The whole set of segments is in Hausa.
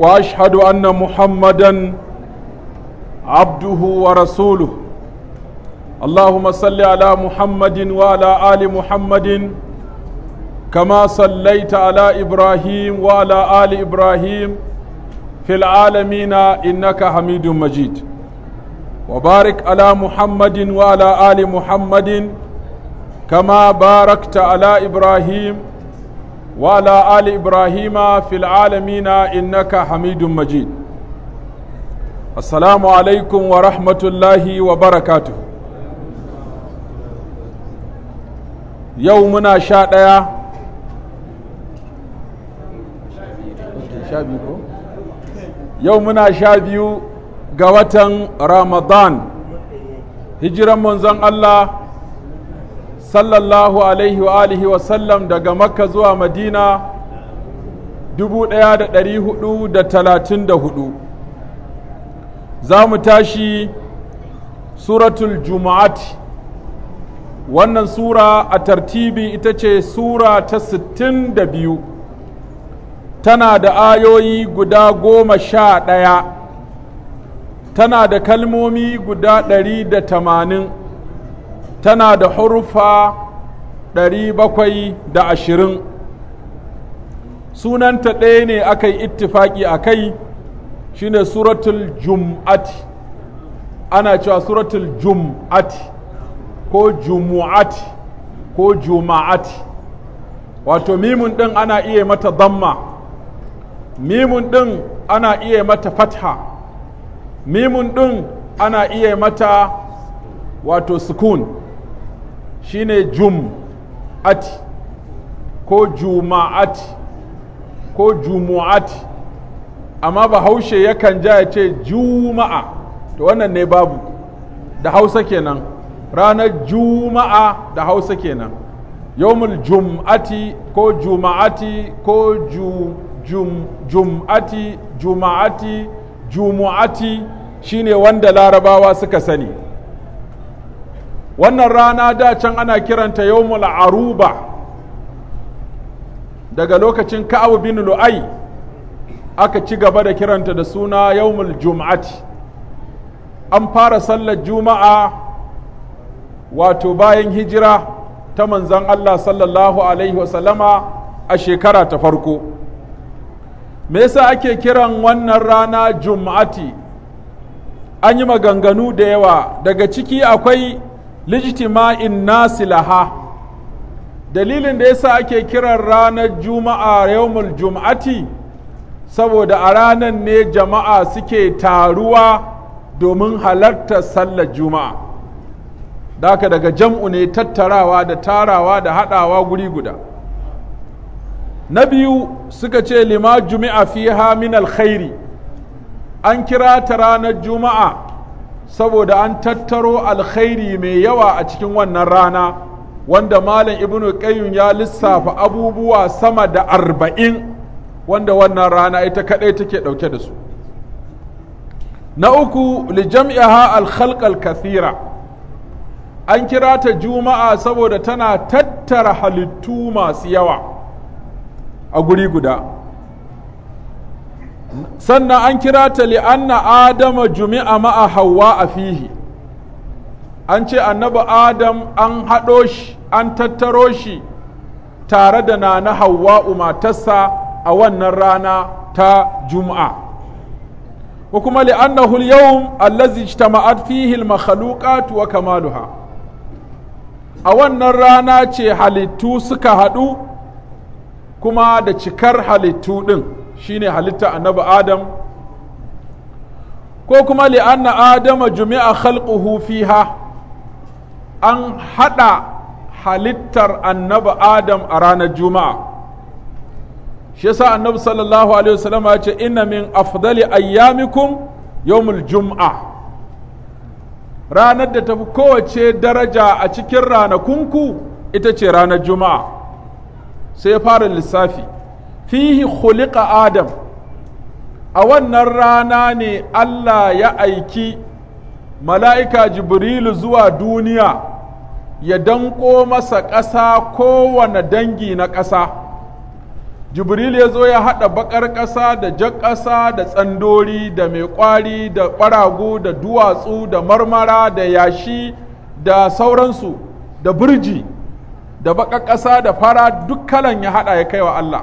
واشهد ان محمدا عبده ورسوله اللهم صل على محمد وعلى ال محمد كما صليت على ابراهيم وعلى ال ابراهيم في العالمين انك حميد مجيد وبارك على محمد وعلى ال محمد كما باركت على ابراهيم وعلى آل إبراهيم في العالمين إنك حميد مجيد السلام عليكم ورحمة الله وبركاته يومنا شاد يومنا شاد ga watan Ramadan hijiran manzon Allah sallallahu alaihi wa alihi wa sallam daga makka zuwa madina dubu ɗaya da ɗari hudu da talatin da hudu za mu tashi suratul juma'at wannan sura a tartibi ita ce sura ta sittin da biyu tana da ayoyi guda goma sha ɗaya tana da kalmomi guda ɗari da tamanin tana da hurfa 720 sunanta ɗaya ne aka yi ittifaki a kai shine suratul jum'ati ana cewa suratul jum'ati ko jumu'ati ko juma'ati wato mimun ɗin ana iya mata damma mimun ɗin ana iya mata fatha mimun ɗin ana iya mata wato sukun shine jum'ati ko juma'ati ko jumu'ati amma bahaushe yakan ja ya ce juma'a to wannan ne babu da hausa kenan ranar juma'a da hausa kenan yawmul jum'ati ko juma'ati ko jum'ati juma'ati jumu'ati shine wanda larabawa suka sani wannan rana da can ana kiranta yawmul aruba daga lokacin ka'ab bin lu'ai aka ci gaba da kiranta da suna yawmul jum'ati an fara sallar juma'a wato bayan hijira ta manzan Allah sallallahu alaihi wasallama a shekara ta farko me yasa ake kiran wannan rana jum'ati an yi maganganu da yawa daga ciki akwai lijitima'in nasi laha dalilin da yasa ake kiran ranar juma'a yawmul jum'ati saboda a ranar ne jama'a suke taruwa domin halartar sallar juma'a daka daga jam'u ne tattarawa da tarawa da haɗawa guri guda na biyu suka ce lima jumi'a fiha min alkhairi an kira ta ranar juma'a saboda an tattaro alkhairi mai yawa a cikin wannan rana wanda malam ibnu qayyim ya lissafa abubuwa sama da arba'in wanda wannan rana ita kadai take dauke da su na uku li jam'iha al kathira an kira ta juma'a saboda tana tattara halittu masu yawa a guri guda sannan an kira ta li'anna adama jumi'a ma'a hawa a fihi an ce annabi adam an haɗo shi an tattaro shi tare da na hawa matarsa a wannan rana ta juma'a ko kuma li'anna al-yawm allazi ma'ad fihi al wa kamaluha a wannan rana ce halittu suka haɗu kuma da cikar halittu ɗin shine halitta annabi adam ko kuma li'anna adama jumi'a khalquhu fiha an hada halittar annabi adam a ranar juma'a shi yasa annabi sallallahu alaihi wasallam ya ce inna min afdali ayyamikum yawmul jum'a ranar da tafi kowace daraja a cikin ranakunku ita ce ranar juma'a sai ya fara lissafi fihi khuliqa adam a wannan rana ne Allah ya aiki mala'ika jibrilu zuwa duniya ya danko masa ƙasa kowane dangi na ƙasa jibril ya zo ya haɗa baƙar ƙasa da jan ƙasa da tsandori da mai ƙwari da ƙwarago da duwatsu da marmara da yashi da sauransu da birji da baƙar ƙasa da fara duk kalan ya haɗa ya kai wa Allah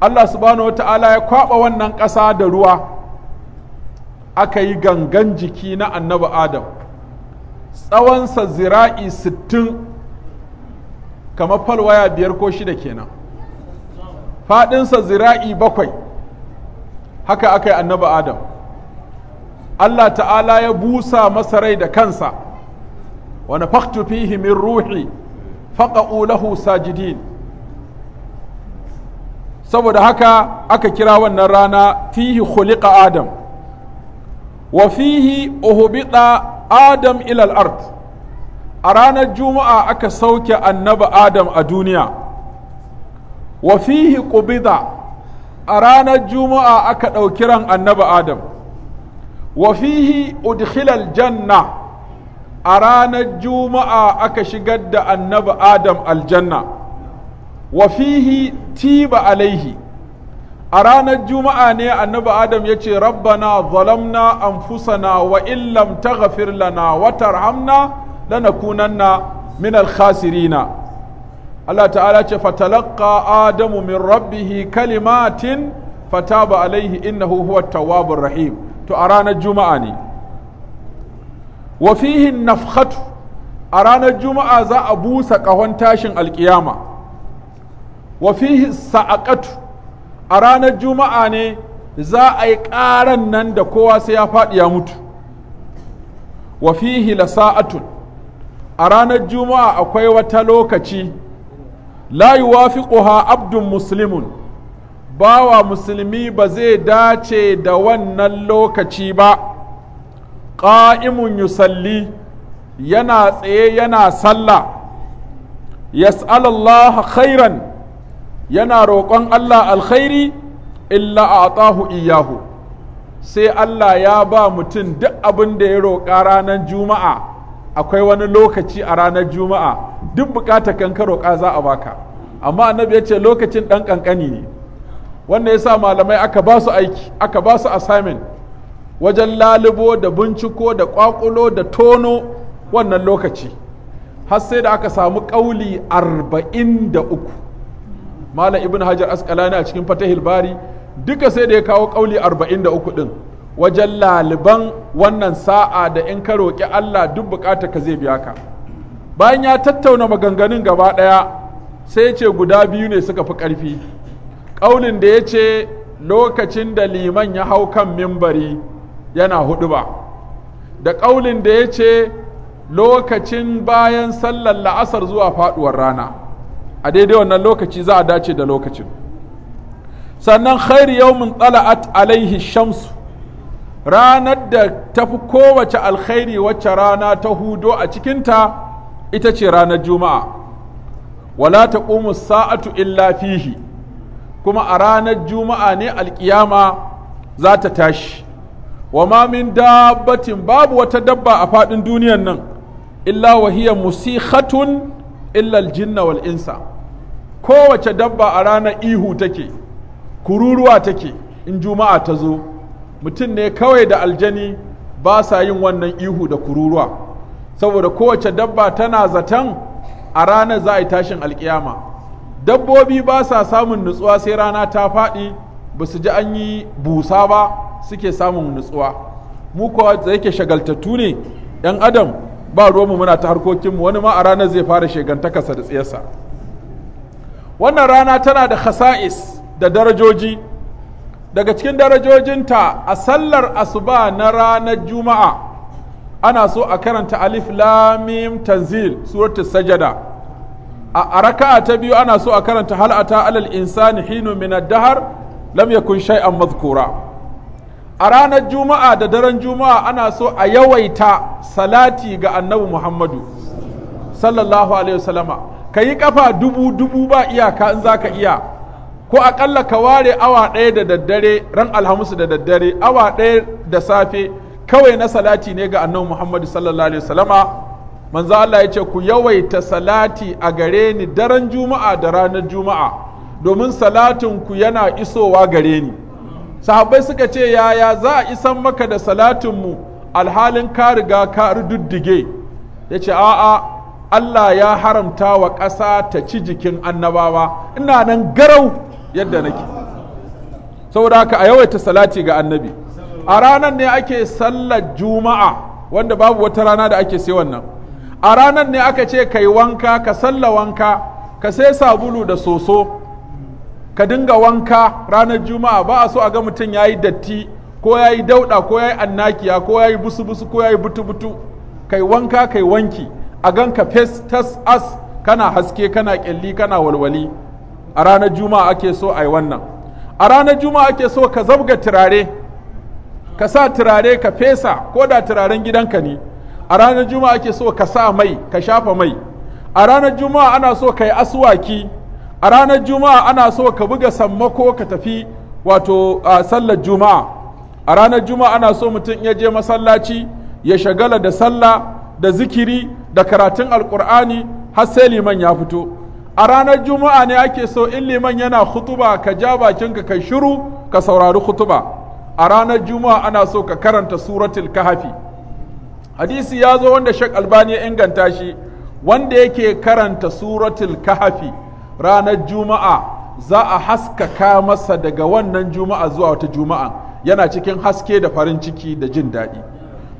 Allah subhanahu wata'ala ya kwaɓa wannan ƙasa da ruwa aka yi gangan jiki na annabi adam tsawonsa zira'i sittin kamar falwaya biyar ko shida kenan faɗinsa zira'i bakwai haka aka yi annabi adam Allah ta'ala ya busa masa rai da kansa wani faktu fihi min ruhi faƙa'u lahu sajidin saboda haka aka kira wannan rana fihi khuliqa adam wa fihi uhbita adam ila al-ard a ranar juma'a aka sauke annabi adam a duniya wa fihi qubida a ranar juma'a aka ɗauki ran annabi adam wa fihi udkhila al-janna a ranar juma'a aka shigar da annabi adam aljanna wa fihi tiba alaihi a ranar juma'a ne annabi adam ya ce rabbana zalamna anfusana wa illam taghfir lana wa tarhamna kunanna min alkhasirina Allah ta'ala ce fatalaqa adamu min rabbihi kalimatin fataba alaihi innahu huwa tawwabur rahim to a ranar juma'a ne wa fihi nafkhatu a ranar juma'a za a busa kahon tashin alkiyama wa fihi sa'aqatu a ranar juma'a ne za a yi ƙaran nan da kowa sai ya faɗi ya mutu wa fihi Sa'atun. a ranar juma'a akwai wata lokaci la yuwafiquha abdun muslimun bawa musulmi ba zai dace da wannan lokaci ba ƙa'imun yusalli yana tsaye yana sallah yas'alallaha khairan yana roƙon Allah alkhairi illa a atahu iyahu sai Allah ya ba mutum duk abin da ya roƙa ranar juma'a akwai wani lokaci a ranar juma'a duk bukata kan za a baka amma annabi ya ce lokacin ɗan ƙanƙani ne wannan ya sa malamai aka ba su aiki aka ba su assignment wajen lalubo da binciko da ƙwaƙulo da tono wannan lokaci har sai da aka samu ƙauli arba'in da uku malam ibn hajar asqalani a cikin fatahil bari duka sai da ya kawo kauli 43 din wajen laliban wannan sa'a da in ka roƙi Allah duk bukata ka zai biya ka bayan ya tattauna maganganun gaba ɗaya sai ce guda biyu ne suka fi ƙarfi ƙaulin da ya ce lokacin da liman ya hau kan mimbari yana hudu ba da ƙaulin da ya ce lokacin bayan sallar la'asar zuwa faɗuwar rana a daidai wannan lokaci za a dace da lokacin sannan khairu yawmin tsala'at alaihi shamsu ranar da tafi kowace alkhairi wacce rana ta hudo a cikinta ita ce ranar juma'a wala ta sa'atu illa fihi kuma a ranar juma'a ne alkiyama za ta tashi wa ma min dabbatin babu wata dabba a faɗin duniyan nan illa wahiya musihatun illa aljinna wal insa kowace dabba a ranar ihu take kururuwa take in juma'a ta zo mutum ne kawai da aljani ba sa yin wannan ihu da kururuwa saboda kowace dabba tana zaton a ranar za a yi tashin alkiyama dabbobi ba sa samun nutsuwa sai rana ta faɗi ba su ji an yi busa ba suke samun nutsuwa mu kuwa da yake shagaltattu ne 'yan adam ba ruwanmu muna ta harkokinmu wani ma a ranar zai fara shagantakarsa da tsayarsa wannan rana tana da khasa'is da darajoji daga cikin darajojinta a sallar asuba na ranar juma'a ana so a karanta alif lamim tanzil suratu sajada a raka'a ta biyu ana so a karanta hal'ata alal insani hinu min ad-dahr lam yakun shay'an a ranar juma'a da daren juma'a ana so a yawaita salati ga annabi muhammadu sallallahu alaihi wasallama ka yi ƙafa dubu dubu ba iyaka in za ka iya ko aƙalla ka ware awa ɗaya da daddare ran alhamis da daddare awa ɗaya da safe kawai na salati ne ga annabi muhammadu sallallahu alaihi wasallama manzo Allah ya ce ku yawaita salati a gare ni daren juma'a da ranar juma'a domin salatin ku yana isowa gare ni sahabbai suka ce yaya za a isan maka da salatin mu alhalin ka riga ka rududdige ya ce a'a Allah ya haramta wa ƙasa ta ci jikin annabawa ina nan garau yadda nake saboda haka a yawaita salati ga annabi a ranar ne ake sallar juma'a wanda babu wata rana da ake sai wannan a ranar ne aka ce kai wanka ka salla wanka ka sai sabulu da soso ka dinga wanka ranar juma'a ba a so a ga mutum ya yi datti ko ya yi dauɗa ko ya yi annakiya ko ya yi busu-busu ko ya yi butu-butu kai wanka kai wanki a ganka fes tas as kana haske kana kyalli kana walwali a ranar juma'a ake so a yi wannan a ranar juma'a ake so ka zabga turare ka sa turare ka fesa ko da turaren gidanka ne a ranar juma'a ake so ka sa mai ka shafa mai a ranar juma'a ana so ka yi asuwaki a ranar juma'a ana so ka buga sammako ka tafi wato sallar juma'a a ranar juma'a ana so mutum ya je masallaci ya shagala da sallah da zikiri da karatun alkur'ani har sai liman ya fito a ranar juma'a ne ake so in liman yana hutuba ka ja bakinka kai shiru ka saurari hutuba a ranar juma'a ana so ka karanta suratul kahafi hadisi ya zo wanda shek albani ya inganta shi wanda yake karanta suratul kahafi ranar juma'a za a haskaka masa daga wannan juma'a zuwa wata juma'a yana cikin haske da farin ciki da jin daɗi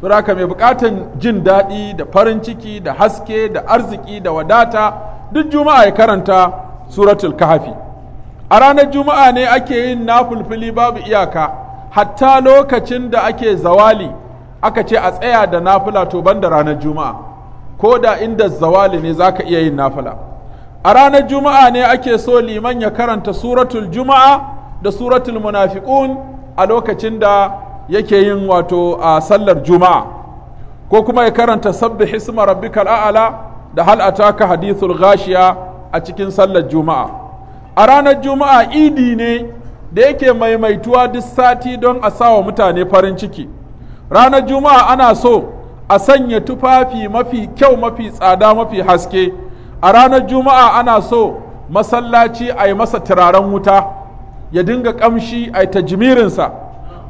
saboda mai bukatan jin daɗi da farin ciki da haske da arziki da wadata duk juma'a ya karanta suratul kahafi a ranar juma'a ne ake yin nafulfili babu iyaka hatta lokacin da ake zawali aka ce a tsaya da nafula to banda ranar juma'a ko da inda zawali ne zaka iya yin nafula a ranar juma'a ne ake so liman ya karanta suratul juma'a da suratul munafiqun a lokacin da yake yin wato a sallar juma'a ko kuma ya karanta sabbi hisma rabbikal a'ala da hal ataka hadithul ghashiya a cikin sallar juma'a a ranar juma'a idi ne da yake maimaituwa duk sati don a sawa mutane farin ciki ranar juma'a ana so a sanya tufafi mafi kyau mafi tsada mafi haske a ranar juma'a ana so masallaci a yi masa turaren wuta ya dinga kamshi a yi ta jimirinsa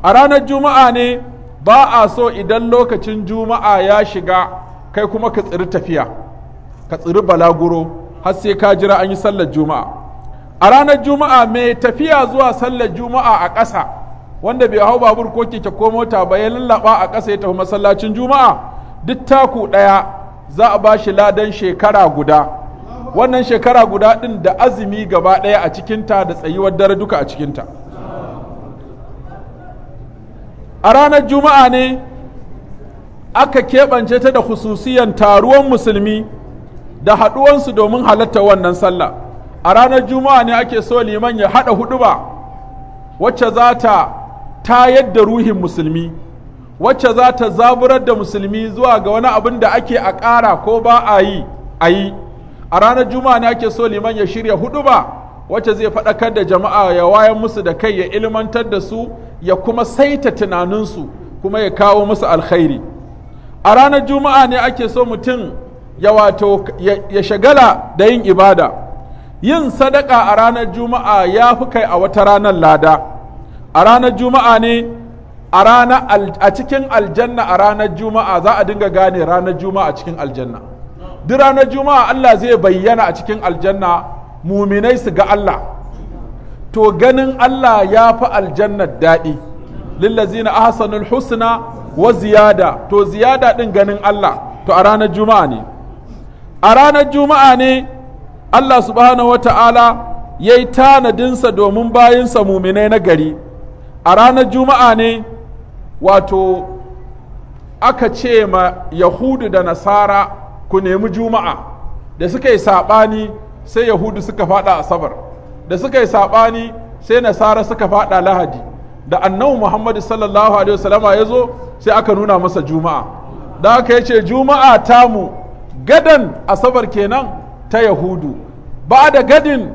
a ranar juma'a ne ba a so idan lokacin juma'a ya shiga kai kuma ka tsiri tafiya ka tsiri balaguro har sai ka jira an yi sallar juma'a a ranar juma'a mai tafiya zuwa sallar juma'a a ƙasa wanda bai hau babur ko keke ko mota ba ya lallaba a ƙasa ya tafi masallacin juma'a duk taku ɗaya za a ba shi ladan shekara guda wannan shekara guda ɗin da azumi gaba ɗaya a cikinta da tsayuwar dare duka a cikinta a ranar juma'a ne aka keɓance ta da hususiyan taruwan musulmi da haɗuwansu domin halatta wannan sallah a ranar juma'a ne ake so liman ya haɗa huɗuba wacce za ta tayar da ruhin musulmi wacce za ta zaburar da musulmi zuwa ga wani abin da ake a ƙara ko ba a yi a yi a ranar juma'a ne ake so liman ya shirya huɗuba wacce zai faɗakar da jama'a ya wayan musu da kai ya ilmantar da su ya kuma saita tunaninsu kuma ya kawo musu alkhairi a ranar juma'a ne ake so mutum ya wato ya shagala da yin ibada yin sadaka a ranar juma'a ya fi kai a wata ranar lada a ranar juma'a ne a rana a cikin aljanna a ranar juma'a za a dinga gane ranar juma'a cikin aljanna duk ranar juma'a Allah zai bayyana a cikin aljanna muminai su ga Allah to ganin Allah ya fi aljannar daɗi lillazina ahsanul husna wa ziyada to ziyada ɗin ganin Allah to a ranar juma'a ne a ranar juma'a ne Allah subhanahu wata'ala ya yi tanadinsa domin bayinsa muminai na gari a ranar juma'a ne wato aka ce ma yahudu da nasara ku nemi juma'a da suka yi saɓani sai yahudu suka fada asabar da suka yi saɓani sai nasara suka faɗa lahadi da annabi muhammadu sallallahu alaihi wasallama ya zo sai aka nuna masa juma'a da aka yi ce juma'a tamu gadan asabar kenan ta yahudu ba da gadin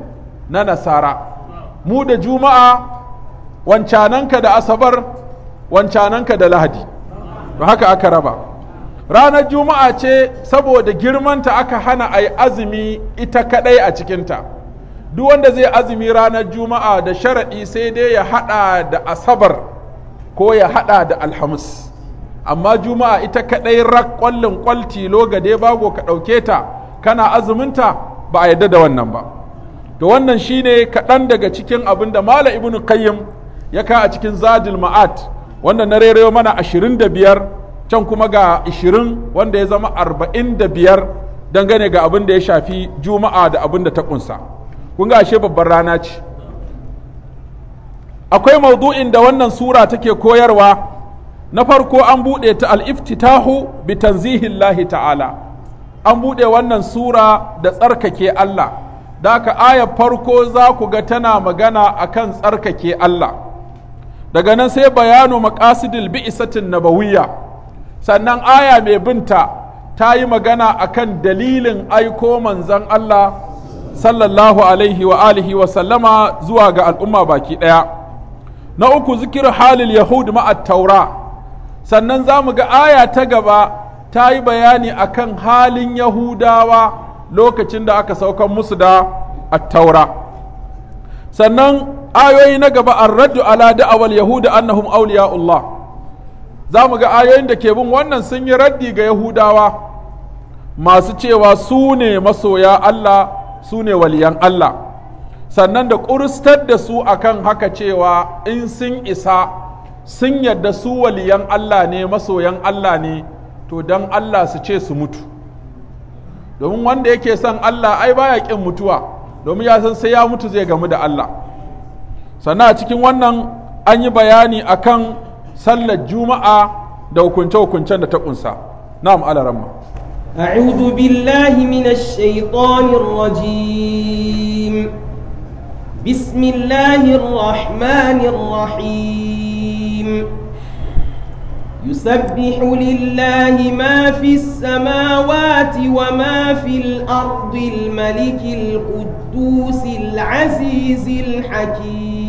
na nasara mu da juma'a wancananka da asabar wancananka da lahadi ba haka aka raba ranar juma'a ce saboda girmanta aka hana a yi azumi ita kadai a cikinta duk wanda zai azumi ranar juma'a da sharaɗi sai dai ya haɗa da asabar ko ya haɗa da alhamis amma juma'a ita kadai rak kwallin kwalti loga dai bago ka ɗauke ta kana azuminta ba a yadda da wannan ba to wannan shine kaɗan daga cikin abin da mala ibnu qayyim ya ka a cikin zadil ma'at wanda na rerewa mana ashirin da biyar can kuma ga 20 wanda ya zama 45 dangane ga abin da ya shafi juma'a da abin da ta kunsa kun ga ashe babbar rana ce akwai maudu'in da wannan sura take koyarwa na farko an buɗe ta al'iftitahu bi tanzihillahi ta'ala an buɗe wannan sura da tsarkake Allah da aka ayar farko za ku ga tana magana akan tsarkake Allah daga nan sai bayanu maqasidil bi'isatin nabawiyya sannan aya mai binta ta yi magana a kan dalilin aiko manzan Allah sallallahu alaihi wa alihi wa sallama zuwa ga al'umma baki ɗaya na uku zikir halil Yahudu ma'at taura sannan za mu ga aya ta gaba ta yi bayani a kan halin yahudawa lokacin da aka saukan musu da attaura sannan ayoyi na gaba an raddu ala da'awal yahuda annahum awliya'ullah za mu ga ayoyin da ke bin wannan sun yi raddi ga yahudawa masu cewa su ne masoya allah su ne waliyan allah sannan da ƙuristar da su akan haka cewa in sun isa sun yadda su waliyan allah ne masoyan allah ne to don allah su ce su mutu domin wanda yake son allah ai baya ƙin mutuwa domin ya san sai ya mutu zai gamu da allah sannan a cikin wannan an yi bayani akan sallar juma'a da hukunce-hukuncen da ta kunsa na'am alaramma أعوذ بالله من الشيطان الرجيم بسم الله الرحمن الرحيم يسبح لله ما في السماوات وما في الأرض الملك القدوس العزيز الحكيم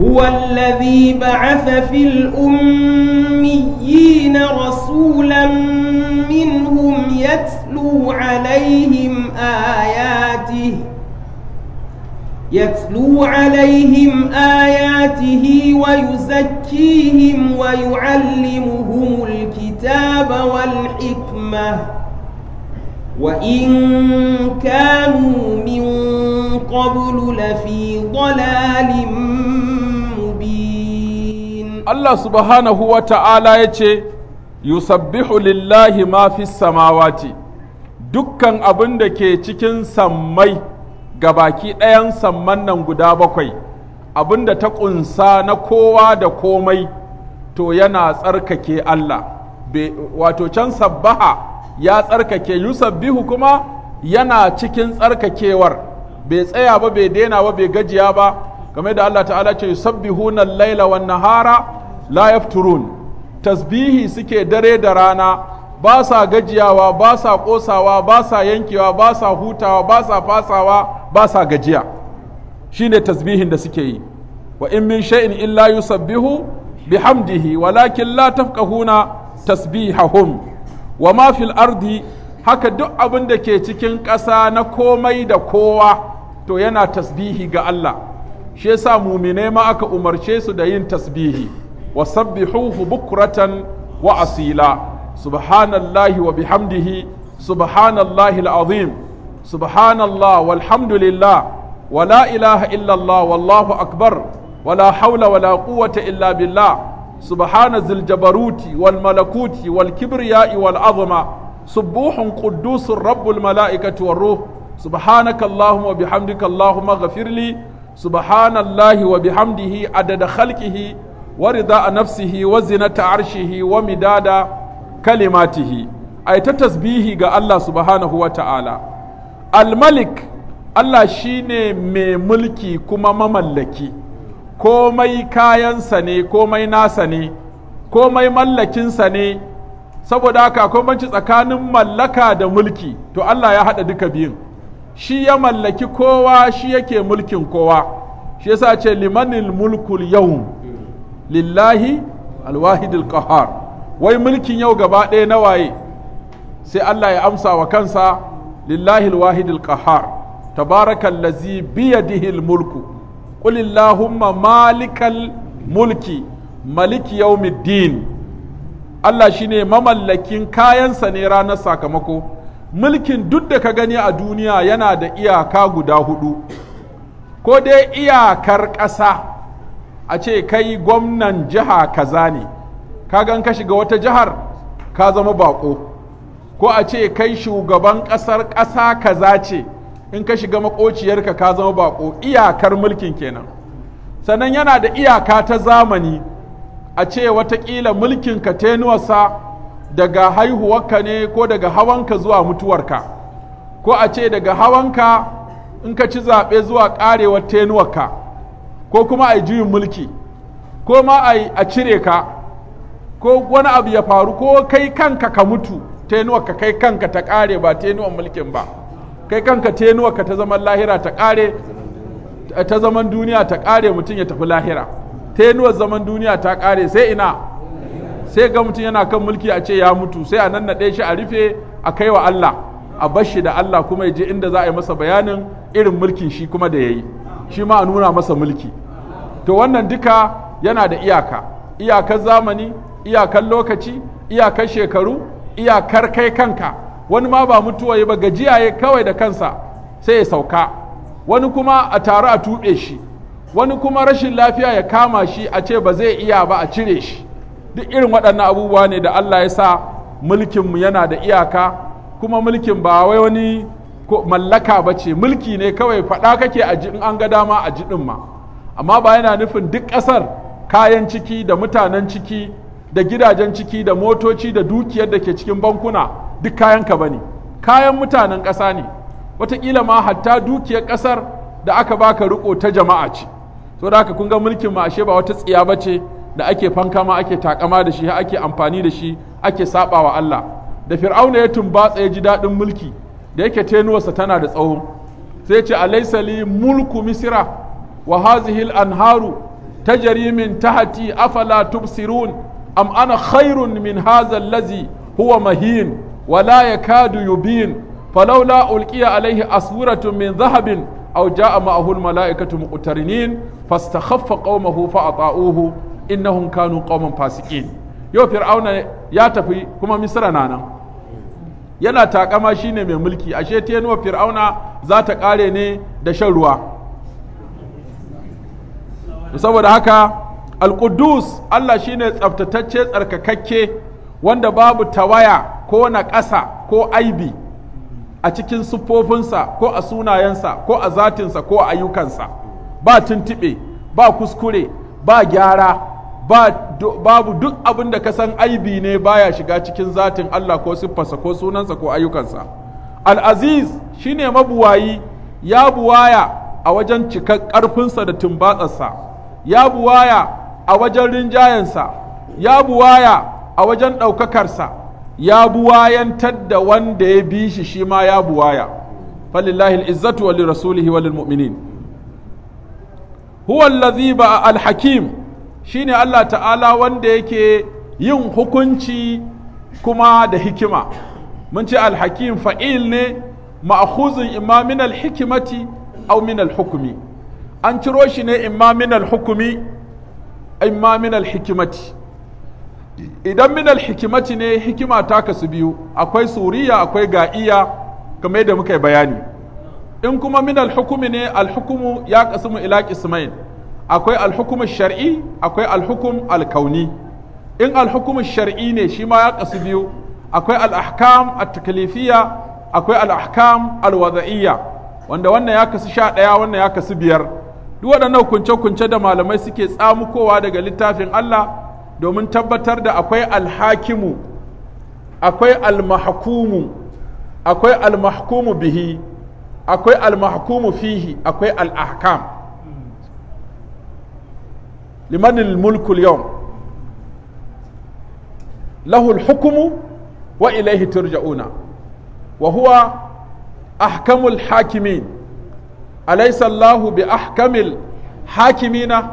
هو الذي بعث في الأميين رسولا منهم يتلو عليهم آياته يتلو عليهم آياته ويزكيهم ويعلمهم الكتاب والحكمة وإن كانوا من قبل لفي ضلال Allah subhanahu wa ta'ala ya ce, Yusabbihu lillahi ma fi samawati, dukkan abin da ke cikin sammai ga baki ɗayan samman nan guda bakwai, abin da ta ƙunsa na kowa da komai, to yana tsarkake Allah. Wato can sabbaha ya tsarkake, Yusabbihu kuma yana cikin tsarkakewar, bai tsaya ba, bai daina ba, bai gajiya ba. game da Allah ta'ala ce yusabbihuna al-laila wan nahara la yafturun tasbihi suke dare da rana ba sa gajiyawa ba sa kosawa ba sa yankewa ba sa hutawa ba sa fasawa ba sa gajiya shine tasbihin da suke yi wa in min shay'in illa yusabbihu bihamdihi walakin la tafqahuna tasbihahum wa ma fil ardi haka duk abin da ke cikin ƙasa na komai da kowa to yana tasbihi ga Allah shi yasa mumine ma aka umarce su da yin tasbihi wa sabbihuhu bukratan wa asila subhanallahi wa bihamdihi subhanallahi alazim subhanallah walhamdulillah wa ilaha illallah wallahu akbar wala haula wala wa la quwwata illa billah subhana zil wal malakuti wal kibriya'i wal azma subuhun qudusur rabbul malaikati war ruh subhanakallahumma wa bihamdika allahumma ghafirli subhanallahi wa bihamdihi adada khalqihi wa rida nafsihi wa zinata arshihi wa midada kalimatihi ai ta tasbihi ga Allah subhanahu wa ta'ala al-malik Allah shine mai mulki kuma mamallaki komai kayansa ne komai nasa ne komai mallakinsa ne saboda haka akwai tsakanin mallaka da mulki to Allah ya haɗa duka biyun shi ya mallaki kowa shi yake mulkin kowa shi yasa ce limanil mulkul yawm lillahi alwahidul qahar wai mulkin yau gaba ɗaya na waye sai Allah ya amsa wa kansa lillahi alwahidul qahar tabarakallazi biyadihi almulku qul illahumma malikal mulki maliki yawmiddin Allah shine mamallakin kayansa ne ranar sakamako mulkin duk da ka gani a duniya yana da iyaka guda hudu ko dai iyakar ƙasa a ce kai gwamnan jiha kaza ne ka gan ka shiga wata jihar ka zama bako ko a ce kai shugaban ƙasar ƙasa kaza ce in ka shiga makociyarka ka zama bako iyakar mulkin kenan sannan yana da iyaka ta zamani a ce watakila mulkin ka sa. daga haihuwarka ne ko daga hawanka zuwa mutuwarka ko a ce daga hawanka in ka ci zaɓe zuwa ƙarewar tenuwarka ko kuma a yi juyin mulki ko ma a cire ka ko wani abu ya faru ko kai kanka ka mutu tenuwarka kai kanka ta ƙare ba tenuwar mulkin ba kai kanka tenuwarka ta zaman lahira ta ƙare ta zaman duniya ta ƙare mutum ya tafi lahira tenuwar zaman duniya ta ƙare sai ina sai ga mutum yana kan mulki a ce ya mutu sai a naɗe shi a rufe a kai wa Allah a bar shi da Allah kuma ya je inda za a yi masa bayanin irin mulkin shi kuma da ya yi shi ma a nuna masa mulki to wannan duka yana da iyaka iyakar zamani iyakar lokaci iyakar shekaru iyakar kai kanka wani ma ba mutuwa ya ba gajiya ya kawai da kansa sai ya sauka wani kuma a taru a tuɓe shi wani kuma rashin lafiya ya kama shi a ce ba zai iya ba a cire shi duk irin waɗannan abubuwa ne da Allah ya sa mulkinmu yana da iyaka kuma mulkin ba wai wani mallaka ba ce mulki ne kawai faɗa kake a in an ga dama a ji ma amma ba yana nufin duk ƙasar kayan ciki da mutanen ciki da gidajen ciki da motoci da dukiyar da ke cikin bankuna duk kayanka ba ne kayan mutanen ƙasa ne wataƙila ma hatta dukiyar ƙasar da aka baka riko ta jama'a ce saboda haka kun ga mulkin ma ashe ba wata tsiya ba ce da ake fankama ake takama da shi ake amfani da shi ake sabawa Allah da fir'auna ya tumbatsa ya ji daɗin mulki da yake tenuwarsa tana da tsawo sai ce alaysa li mulku misra wa hazihi al-anharu ta min tahti afala tubsirun am ana khairun min hadha allazi huwa mahin wa la yakadu yubin falawla ulqiya alayhi aswiratun min dhahabin aw jaa ma'ahu al-mala'ikatu muqtarinin fastakhaffa qaumahu fa ata'uhu innahum kanu qauman fasiqin yau fir'auna ya tafi kuma misra na nan yana takama shine mai mulki ashe tenuwa fir'auna za ta kare ne da shan ruwa saboda haka alƙudus Allah shine tsaftatacce tsarkakakke wanda babu tawaya ko na ƙasa ko aibi a cikin siffofinsa ko a sunayensa ko a zatinsa ko a ayyukansa ba tuntube, ba kuskure ba gyara babu duk abin da ka san aibi ne baya shiga cikin zatin Allah ko siffarsa ko sunansa ko ayyukansa al-aziz shine mabuwayi ya buwaya a wajen cikar ƙarfinsa da tumbatsarsa ya buwaya a wajen rinjayensa ya buwaya a wajen ɗaukakarsa ya buwayantar da wanda ya bi shi shi ma ya buwaya falillahi al-izzatu wa lirasulihi wa lilmu'minin huwa allazi ba al-hakim shine Allah ta'ala wanda yake yin hukunci kuma da hikima mun ce alhakim fa'il ne ma'khuzun imma min alhikimati au min alhukumi an ciro shi ne imma min alhukmi min alhikimati idan min alhikimati ne hikima ta kasu biyu akwai suriya akwai ga'iya kamar yadda muka yi bayani in kuma min alhukumi ne alhukumu ya kasu mu ila qismain akwai alhukum shar'i akwai alhukum alkauni in alhukum shar'i ne shi ma ya kasu biyu akwai al'ahkam at-taklifiyya akwai al'ahkam alwadaiyya wanda wannan ya kasu sha ɗaya wannan ya kasu biyar duk waɗannan hukunce-hukunce da malamai suke tsamukowa daga littafin Allah domin tabbatar da akwai alhakimu akwai almahkumu akwai almahkumu bihi akwai almahkumu fihi akwai al'ahkam liman mulku yau yawm lahu wa ilayhi turja'una wahuwa huwa ahkamul bi ahkamil hakimina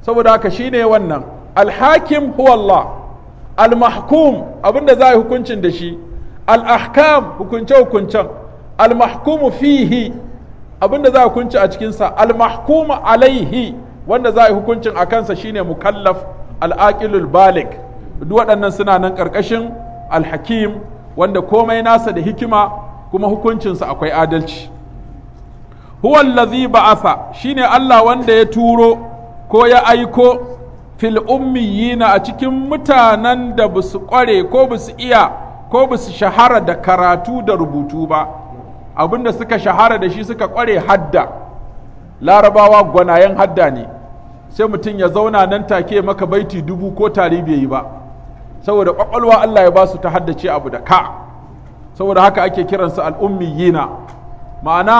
saboda haka shine wannan alhakim hakim huwa Allah al abinda za a yi hukuncin da shi al-ahkam hukunce hukuncen almahkumu fihi abinda za a hukunci a cikinsa almahkumu alaihi wanda za a yi hukuncin a kansa shine mukallaf al'aqilul balik duk waɗannan suna nan ƙarƙashin alhakim wanda komai nasa da hikima kuma hukuncinsa akwai adalci huwal lazi ba'atha shine Allah wanda ya turo ko ya aiko fil ummiyina a cikin mutanen da ba su kware ko ba su iya ko ba su shahara da karatu da rubutu ba abinda suka shahara da shi suka kware hadda larabawa gwanayen hadda ne sai mutum ya zauna nan take maka baiti dubu ko tari bai yi ba saboda kwakwalwa Allah ya ba su ta haddace abu da ka saboda haka ake kiransu al'ummiyina ma'ana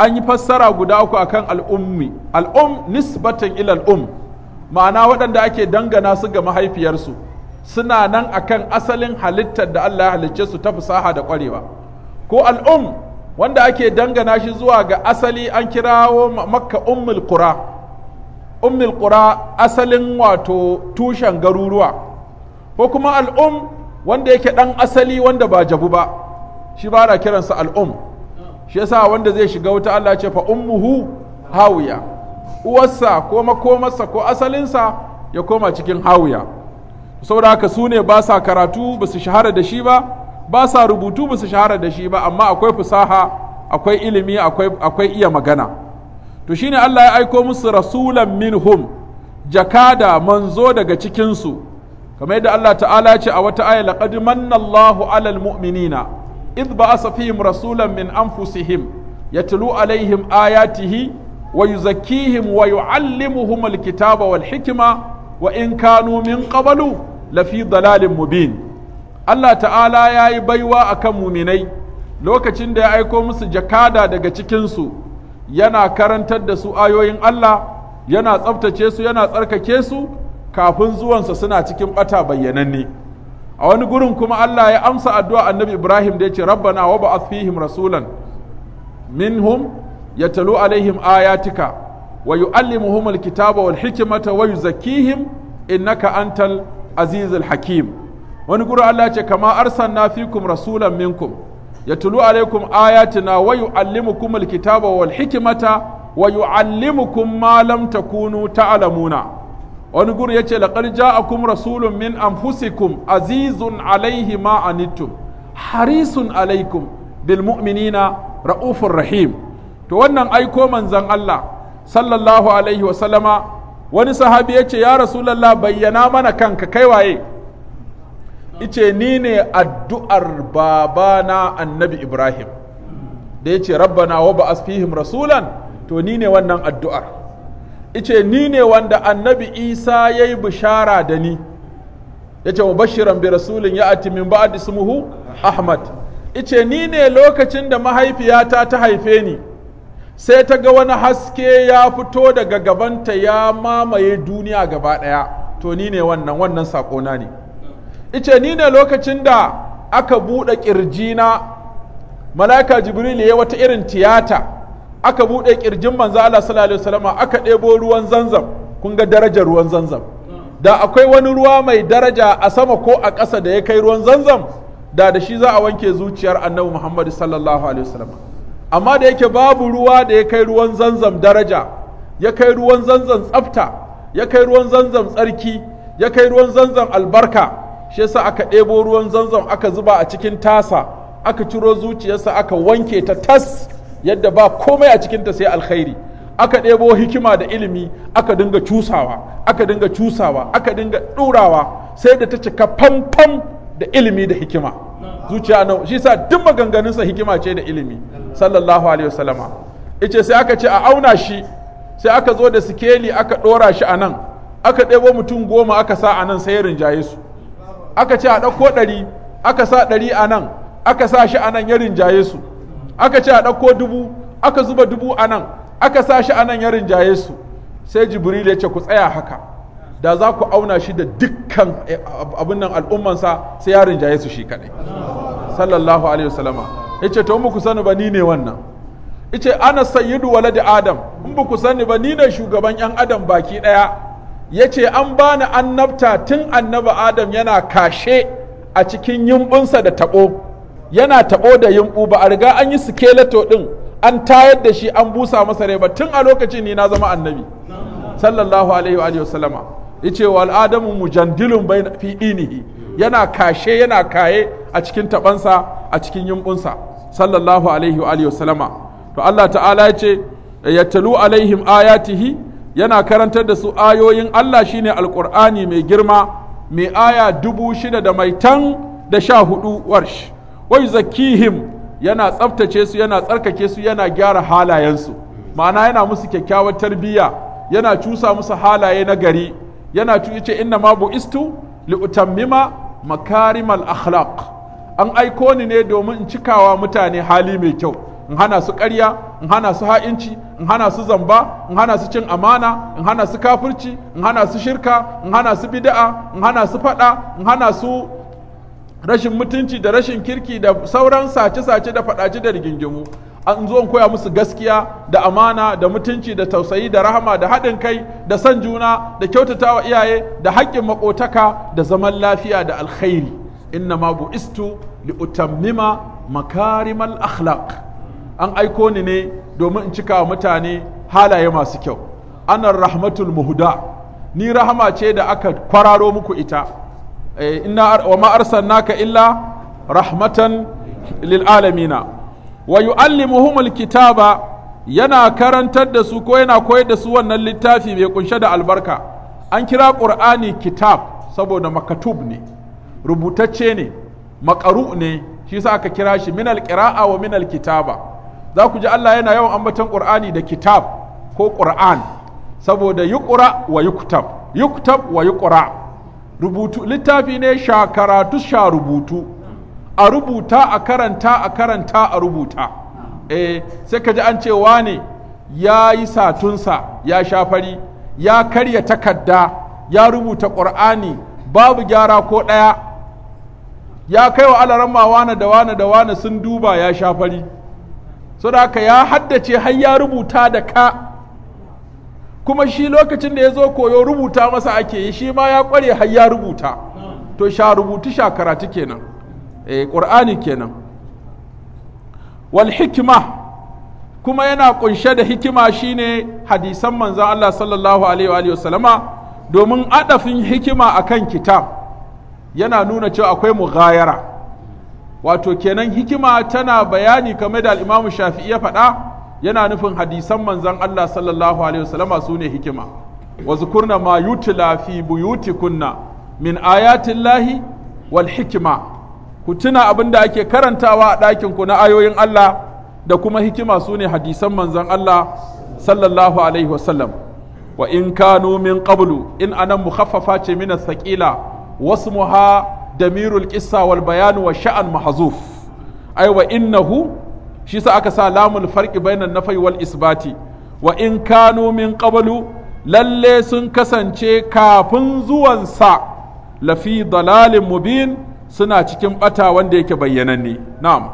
an yi fassara guda uku akan al'ummi al'um nisbatan ila al'um ma'ana waɗanda ake dangana su ga mahaifiyarsu suna nan akan asalin halittar da Allah ya halicce su ta fasaha da ƙwarewa ko al'um wanda ake dangana shi zuwa ga asali an kirawo makka ummul qura ummul qura asalin wato tushen garuruwa ko kuma al'um wanda yake ɗan asali wanda ba jabu ba shi ba na kiransa al'um shi yasa wanda zai shiga wuta Allah ce fa ummuhu hawiya uwarsa ko makomarsa ko asalinsa ya koma cikin hawiya saboda haka su ne ba sa karatu ba su shahara da shi ba ba sa rubutu ba su shahara da shi ba amma akwai fusaha akwai ilimi akwai iya magana to shine Allah ya aiko musu rasulan minhum jakada manzo daga cikinsu kamar yadda Allah ta'ala ya ce a wata aya laqad manna Allahu 'alal mu'minina idh ba'asa fihim rasulan min anfusihim yatlu alaihim ayatihi wa yuzakkihim wa yu'allimuhum alkitaba wal hikma wa in kanu min qablu lafi dalalin mubin Allah ta'ala ya yi baiwa akan muminai lokacin da ya aiko musu jakada daga cikinsu yana karantar da su ayoyin Allah yana tsaftace su yana tsarkake su kafin zuwansa suna cikin bata bayyananne a wani gurin kuma Allah ya amsa addu'a annabi Ibrahim da ya ce rabbana wa ba'ath fihim rasulan minhum yatalu alaihim ayatika wa yu'allimuhum alkitaba wal hikmata wa yuzakkihim innaka antal azizul hakim wani gurin Allah ya ce kama arsalna fikum rasulan minkum yatlu alaikum ayatina wa yuallimukum alkitaba wal hikmata wa yuallimukum ma lam takunu wani gur yace laqad ja'akum rasulun min anfusikum azizun alaihi ma anittum harisun alaikum bil mu'minina ra'ufur rahim to wannan aiko manzon Allah sallallahu alaihi wa wani sahabi yace ya rasulullah bayyana mana kai waye ice ni ne addu'ar babana annabi Ibrahim da ya ce rabbana wa ba asfihim rasulan to ni ne wannan addu'ar ice ni ne wanda annabi Isa ya yi bishara da ni ya ce mubashiran bi rasulin ya ati min ba'ad ismuhu Ahmad ice ni ne lokacin da mahaifiyata ta haife ni sai ta ga wani haske ya fito daga gabanta ya mamaye duniya gaba ɗaya to ni ne wannan wannan saƙona ne ice ni ne lokacin da aka buɗe na mala'ika jibril ya wata irin tiyata aka buɗe ƙirjin manzo Allah sallallahu alaihi wasallam aka ɗebo ruwan zanzam kun ga darajar ruwan zanzam da akwai wani ruwa mai daraja a sama ko a ƙasa da ya kai ruwan zanzam da da shi za a wanke zuciyar annabi Muhammad sallallahu alaihi wasallam amma da yake babu ruwa da ya kai ruwan zanzam daraja ya kai ruwan zanzam tsafta ya kai ruwan zanzam tsarki ya kai ruwan zanzam albarka shi yasa aka ɗebo ruwan zanzam aka zuba a cikin tasa aka ciro zuciyarsa aka wanke ta tas yadda ba komai a cikinta sai alkhairi aka ɗebo hikima da ilimi aka dinga cusawa aka dinga cusawa aka dinga ɗurawa sai da ta cika fanfan da ilimi da hikima zuciya nan shi sa duk maganganunsa hikima ce da ilimi sallallahu alaihi wasallama ice sai aka ce a auna shi sai aka zo da sikeli aka ɗora shi a nan aka ɗebo mutum goma aka sa a nan sai ya rinjaye su aka ce a ɗauko ɗari aka sa ɗari a nan aka sa shi a nan ya rinjaye su aka ce a ɗauko dubu aka zuba dubu a nan aka sa shi a nan ya rinjaye su sai jibril ya ce ku tsaya haka da za ku auna shi da dukkan eh, abin nan al'ummansa sai ya rinjaye su shi kaɗai sallallahu alaihi wasallama ya ce to ku sani ba ni ne wannan ya ce ana sayyidu waladi adam in ba ku sani ba ni ne shugaban yan adam baki ɗaya ya ce an bani annabta tun annaba adam yana kashe a cikin yimbunsa da taɓo yana taɓo da yimbu ba a riga an yi skeleto ɗin an tayar da shi an busa masa rai ba tun a lokacin ni na zama annabi sallallahu alaihi wa sallama yace wal adamu mujandilun bai fi inihi yana kashe yana kaye a cikin tabansa a cikin yumbunsa sallallahu alaihi wa sallama to Allah ta'ala yace yatalu alaihim ayatihi yana karantar da su ayoyin Allah shine alkur'ani mai girma mai aya dubu shida da mai tan da sha hudu warsh wai zakihim yana tsaftace su yana tsarkake su yana gyara halayensu ma'ana yana musu kyakkyawar tarbiyya yana cusa musu halaye na gari yana ce inna ma bu istu, bu'istu li'utammima makarimal akhlaq an aiko ni ne domin in cikawa mutane hali mai kyau in hana su karya in hana su ha'inci in hana su zamba in hana su cin amana in hana su kafirci in hana su shirka in hana su bidaa in hana su faɗa in hana su rashin mutunci da rashin kirki da sauran sace-sace da faɗace da rigingimu an zo in koya musu gaskiya da amana da mutunci da tausayi da rahama da haɗin kai da son juna da kyautata wa iyaye da haƙƙin maƙotaka da zaman lafiya da alkhairi inna ma bu'istu li utammima makarimal akhlaq an aiko ni ne domin in cika wa mutane halaye masu kyau Anan rahmatul muhuda ni rahama ce da aka kwararo muku ita eh, inna wa ma naka illa rahmatan lil alamina alli yuallimuhumul kitaba yana karantar da su ko yana koyar da su wannan littafi mai kunshe da albarka an kira qur'ani kitab saboda makatub ne rubutacce ne makaru ne shi sa aka kira shi minal qira'a wa minal kitaba za ku ji Allah yana yawan ambaton ƙur'ani da kitab ko ƙur'an saboda yi ƙura wa yi yi kutab wa ƙura rubutu littafi ne sha karatu sha rubutu a rubuta a karanta a karanta a rubuta eh sai ka ji an ce ne ya yi satunsa ya sha fari ya karya takarda ya rubuta ƙur'ani babu gyara ko ɗaya ya kai wa alaran wane da wane da sun duba ya sha fari saboda ya haddace har ya rubuta da ka kuma shi lokacin da ya zo koyo rubuta masa ake yi shi ma ya kware har ya rubuta to sha rubutu sha karatu kenan eh qur'ani kenan wal hikma kuma yana kunshe da hikima shine hadisan manzon Allah sallallahu alaihi wa sallama domin adafin hikima akan kitab yana nuna cewa akwai mugayara. wato kenan hikima tana bayani kamar da al'imamu shafi'i ya faɗa yana nufin hadisan manzan Allah sallallahu alaihi wasallama su ne hikima wa zukurna ma yutila fi buyutikunna min ayatin lahi wal hikima ku tuna abin da ake karantawa a ɗakin ku na ayoyin Allah da kuma hikima su ne hadisan manzan Allah sallallahu alaihi wasallam wa in kanu min qablu in anan mukhaffafa ce min as wasmuha damirul qissa wal bayan wa sha'an mahzuf ai wa innahu shi sa aka sa lamun farqi bainan nafai wal isbati wa in kanu min qablu lalle sun kasance kafin zuwan sa lafi dalalin mubin suna cikin bata wanda yake bayyananne na'am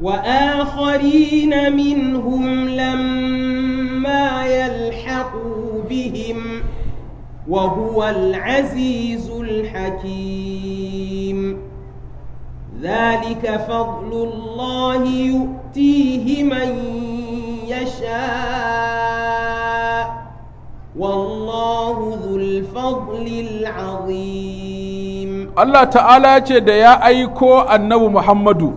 wa akharina minhum lamma yalhaqu bihim وهو العزيز الحكيم ذلك فضل الله يؤتيه من يشاء والله ذو الفضل العظيم الله تعالى da ya aiko annabi Muhammadu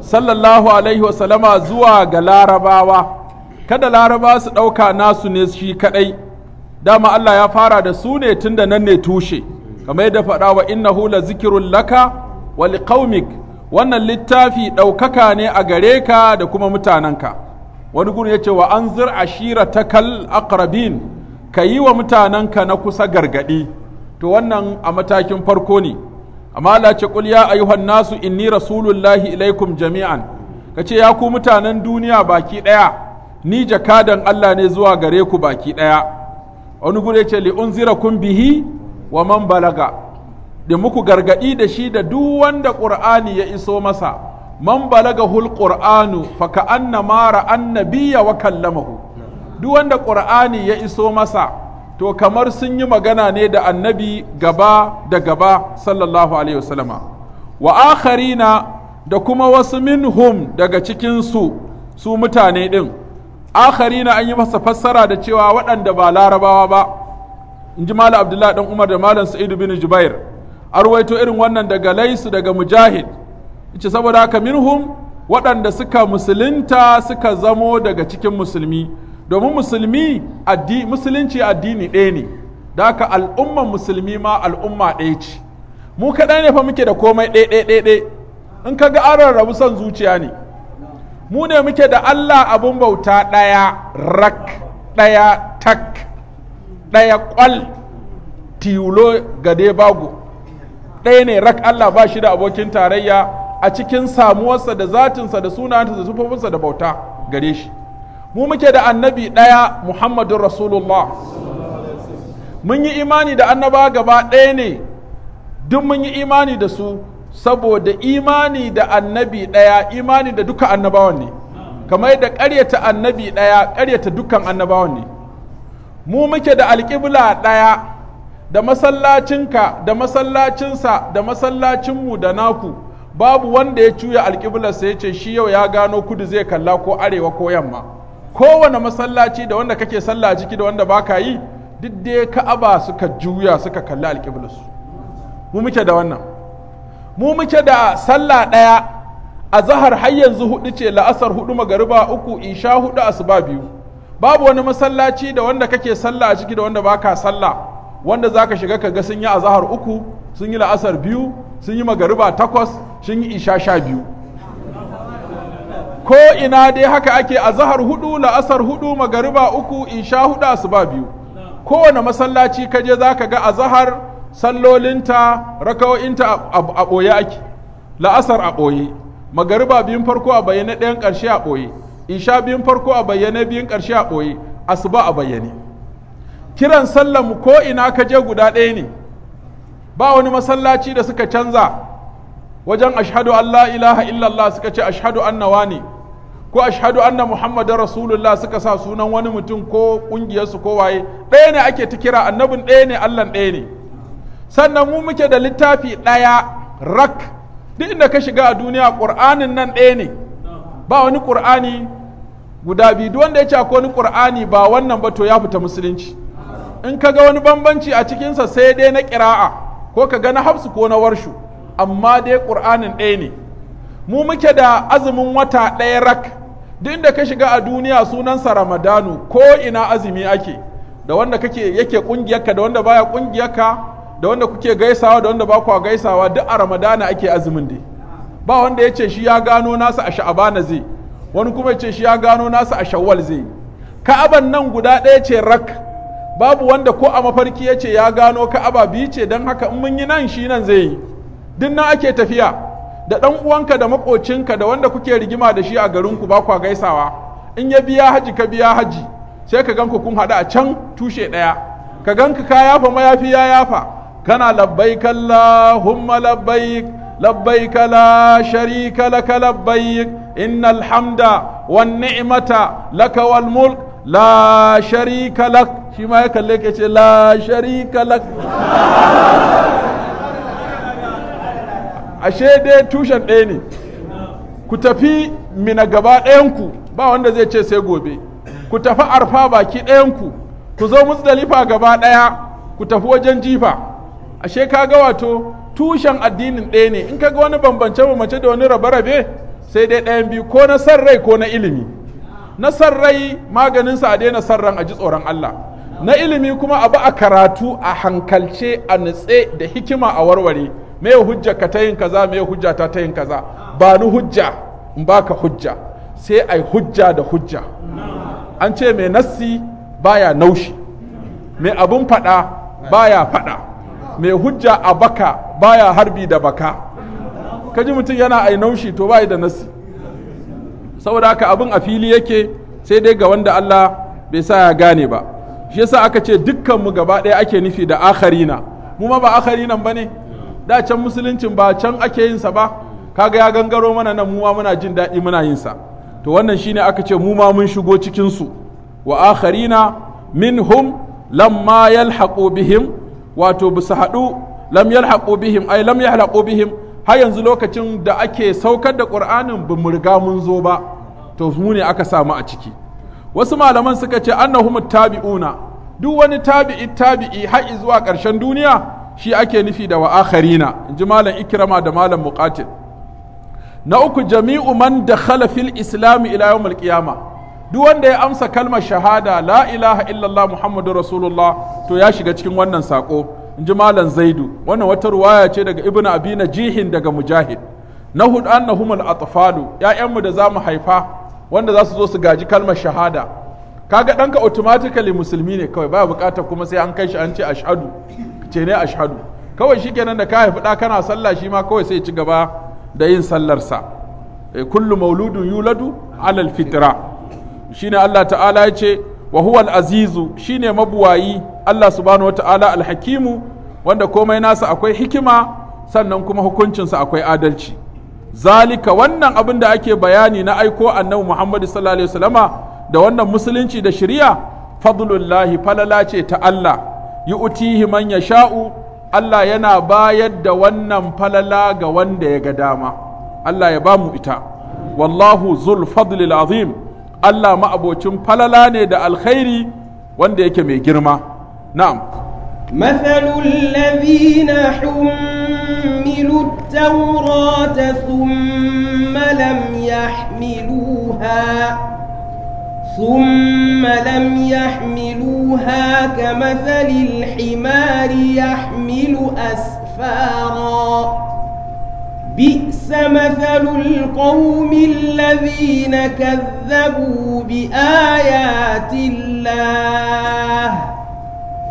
sallallahu zuwa ga larabawa kada larabawa su ɗauka nasu ne shi kaɗai dama Allah ya fara da su ne tun da nan ne tushe kamar yadda faɗa wa inna hula zikirun laka wali liqaumik wannan littafi ɗaukaka ne a gare ka da kuma mutanenka wani gurin ce wa ta kal akrabin ka yi wa mutanenka na kusa gargaɗi to wannan a matakin farko ne amma Allah ce qul ya ayyuhan nasu inni rasulullahi ilaikum jami'an kace ya ku mutanen duniya baki ɗaya ni jakadan Allah ne zuwa gare ku baki ɗaya wani gure ce li unzira kun bihi wa man balaga da muku gargadi da shi da duk wanda qur'ani ya iso masa man balaga hul qur'anu fa ka anna mara biya wa kallamahu duk wanda qur'ani ya iso masa to kamar sun yi magana ne da annabi gaba da gaba sallallahu alaihi wasallama wa akharina da kuma wasu minhum daga cikin su su mutane din na an yi masa fassara da cewa waɗanda ba larabawa ba in ji malam abdullahi dan umar da malam sa'idu bin jubair arwaito irin wannan daga laisu daga mujahid ce saboda haka minhum waɗanda suka musulunta suka zamo daga cikin musulmi domin musulmi musulunci addini ɗaya ne da haka al'umman musulmi ma al'umma ɗaya ce mu kaɗai ne fa muke da komai ɗaya ɗaya ɗaya in ka ga an rarrabu son zuciya ne mu ne muke da Allah abun bauta ɗaya rak ɗaya tak ɗaya ƙwal tiwulo gade bago ɗaya ne rak Allah ba shi da abokin tarayya a cikin samuwarsa da zatinsa da sunanta da sufofinsa da bauta gare shi mu muke da annabi ɗaya muhammadun rasulullah mun yi imani da annaba gaba ɗaya ne duk mun yi imani da su saboda imani da annabi ɗaya imani da duka annabawan ne kamar da ƙaryata annabi ɗaya ƙaryata dukkan annabawan ne mu muke da alƙibla ɗaya da masallacinka da masallacinsa da masallacinmu da naku babu wanda ya cuya alƙiblarsa ya ce shi yau ya gano kudu zai kalla ko arewa ko yamma kowane masallaci da wanda kake sallah ciki da wanda baka yi duk dai ka'aba suka juya suka kalli alƙiblarsu mu muke da wannan mu muke da sallah ɗaya a zahar har yanzu hudu ce la'asar hudu magariba uku isha hudu asuba biyu babu wani masallaci da wanda kake sallah a ciki da wanda baka sallah wanda zaka shiga ka ga sun yi azahar uku sun yi la'asar biyu sun yi magariba takwas sun yi isha sha biyu ko ina dai haka ake zahar hudu la'asar hudu magariba uku isha hudu asuba biyu kowane masallaci kaje zaka ga zahar. sallolinta rakawo'inta a ɓoye ake la'asar a ɓoye magariba biyun farko a bayyane ɗayan ƙarshe a ɓoye isha biyun farko a bayyane biyun ƙarshe a ɓoye asuba a bayyane kiran sallam ko ina ka je guda ɗaya ne ba wani masallaci da suka canza wajen ashhadu an ilaha illallah suka ce ashhadu anna wani ko ashhadu anna muhammadar rasulullah suka sa sunan wani mutum ko ƙungiyarsu ko waye ɗaya ne ake ta kira annabin ɗaya ne allan ɗaya ne sannan mu muke da littafi ɗaya rak duk inda ka shiga a duniya ƙur'anin nan ɗaya ne ba wani ƙur'ani guda biyu duk wanda ya ce akwai wani ƙur'ani ba wannan ba to ya fita musulunci in ka ga wani bambanci a cikinsa sai dai na ƙira'a ko ka ga na hafsu ko na warshu amma dai ƙur'anin ɗaya ne mu muke da azumin wata ɗaya rak duk inda ka shiga a duniya sunansa ramadanu ko ina azumi ake da wanda kake yake ƙungiyarka da wanda baya kungiyarka. da wanda kuke gaisawa da wanda ba kuwa gaisawa duk a ramadana ake azumin dai ba wanda ya ce shi ya gano nasa a sha'abana zai wani kuma ya ce shi ya gano nasa a shawwal zai ka'aban nan guda ɗaya ce rak babu wanda ko a mafarki ya ce ya gano ka'aba biyu ce don haka in mun yi nan shi nan zai yi duk nan ake tafiya da ɗan uwanka da maƙocinka da wanda kuke rigima da shi a ku ba kuwa gaisawa in ya biya haji ka biya haji sai ka ganku kun haɗu a can tushe ɗaya ka ganka ka yafa mayafi ya yafa kana labbaik Allahumma labbaik labbaik la sharika laka labbaik innal hamda wan ni'mata laka wal mulk la sharika lak shi ma kalle la ashe dai tushen ɗaya ne ku tafi mina gaba ɗayanku ba wanda zai ce sai gobe ku tafi arfa baki ɗayanku ku zo muzdalifa gaba ɗaya ku tafi wajen jifa ashe ka ga wato tushen addinin ɗaya ne in ka ga wani bambance mace da wani rabe-rabe sai dai ɗayan biyu ko na san rai ko na ilimi na san rai maganinsa a daina san ran a ji tsoron Allah na ilimi kuma abu a karatu a hankalce a nutse da hikima a warware me hujja ka ta kaza me hujja ta ta yin kaza ba ni hujja in baka hujja sai ai hujja da hujja an ce mai nassi baya naushi mai abun faɗa baya faɗa mai hujja a baka baya harbi da baka kaji mutum yana ainaushi to bai da nasi saboda haka abin a fili yake sai dai ga wanda Allah bai sa ya gane ba shi yasa aka ce dukkanmu gaba ɗaya ake nufi da akharina mu ma ba akharinan bane da can musuluncin ba can ake yin sa ba kaga ya gangaro mana nan mu ma muna jin daɗi muna yin sa to wannan shine aka ce mu ma mun shigo cikin su wa akharina minhum lamma yalhaqu bihim wato bisa haɗu lam yalhaqu bihim ay lam bihim har yanzu lokacin da ake saukar da qur'anin ba mu riga mun zo ba to mu ne aka samu a ciki wasu malaman suka ce annahum tabi'una duk wani tabi'i tabi'i har zuwa ƙarshen duniya shi ake nufi da wa akharina inji malam ikrama da malam muqatil na uku jami'u man dakhala fil islam ila yawmil qiyamah duk wanda ya amsa kalmar shahada la ilaha illallah muhammadu rasulullah to ya shiga cikin wannan sako in ji malam zaidu wannan wata ruwaya ce daga ibn abina jihin daga mujahid na hudu annahum al atfalu ya'yanmu da zamu haifa wanda za su zo su gaji kalmar shahada kaga ɗanka automatically musulmi ne kawai baya bukata kuma sai an kai shi an ce ashhadu ce ne ashhadu kawai shikenan da ka haifi ɗa kana sallah shi ma kawai sai ci gaba da yin sallarsa eh, kullu mauludun yuladu alal fitra shine Allah ta'ala ya ce wa huwal azizu shine mabuwayi Allah subhanahu wa ta'ala alhakimu wanda komai nasa akwai hikima sannan kuma hukuncinsa akwai adalci zalika wannan abin da ake bayani na aiko annabi Muhammad sallallahu alaihi wasallama da wannan musulunci da shari'a fadlullahi falala ce ta Allah yu'tihi man yasha'u Allah yana bayar da wannan falala ga wanda ya ga dama Allah ya ba mu ita wallahu zul fadlil azim Allah ma'abocin falala ne da alkhairi wanda yake mai girma. Na'am. Matsalul labina حملوا التوراة ثم لم يحملوها ثم ga يحملوها كمثل الحمار يحمل أسفارا بئس مثل القوم الذين كذبوا بآيات الله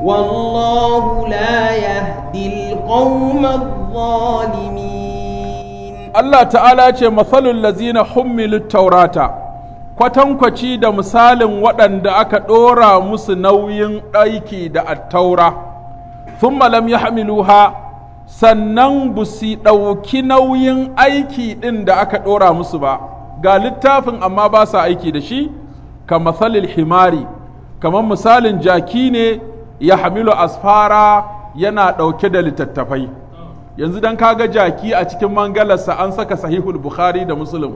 والله لا يهدي القوم الظالمين الله تعالى ce mathalul lazina hummilut taurata kwatankwaci da misalin waɗanda aka ɗora musu nauyin aiki da attaura thumma lam ha. sannan busi ɗauki nauyin aiki ɗin da aka ɗora musu ba ga littafin amma ba sa aiki da shi ka matsalil himari kamar misalin jaki ne ya hamilu asfara yana ɗauke da littattafai yanzu don kaga jaki a cikin mangalarsa an saka sahihul bukhari da muslim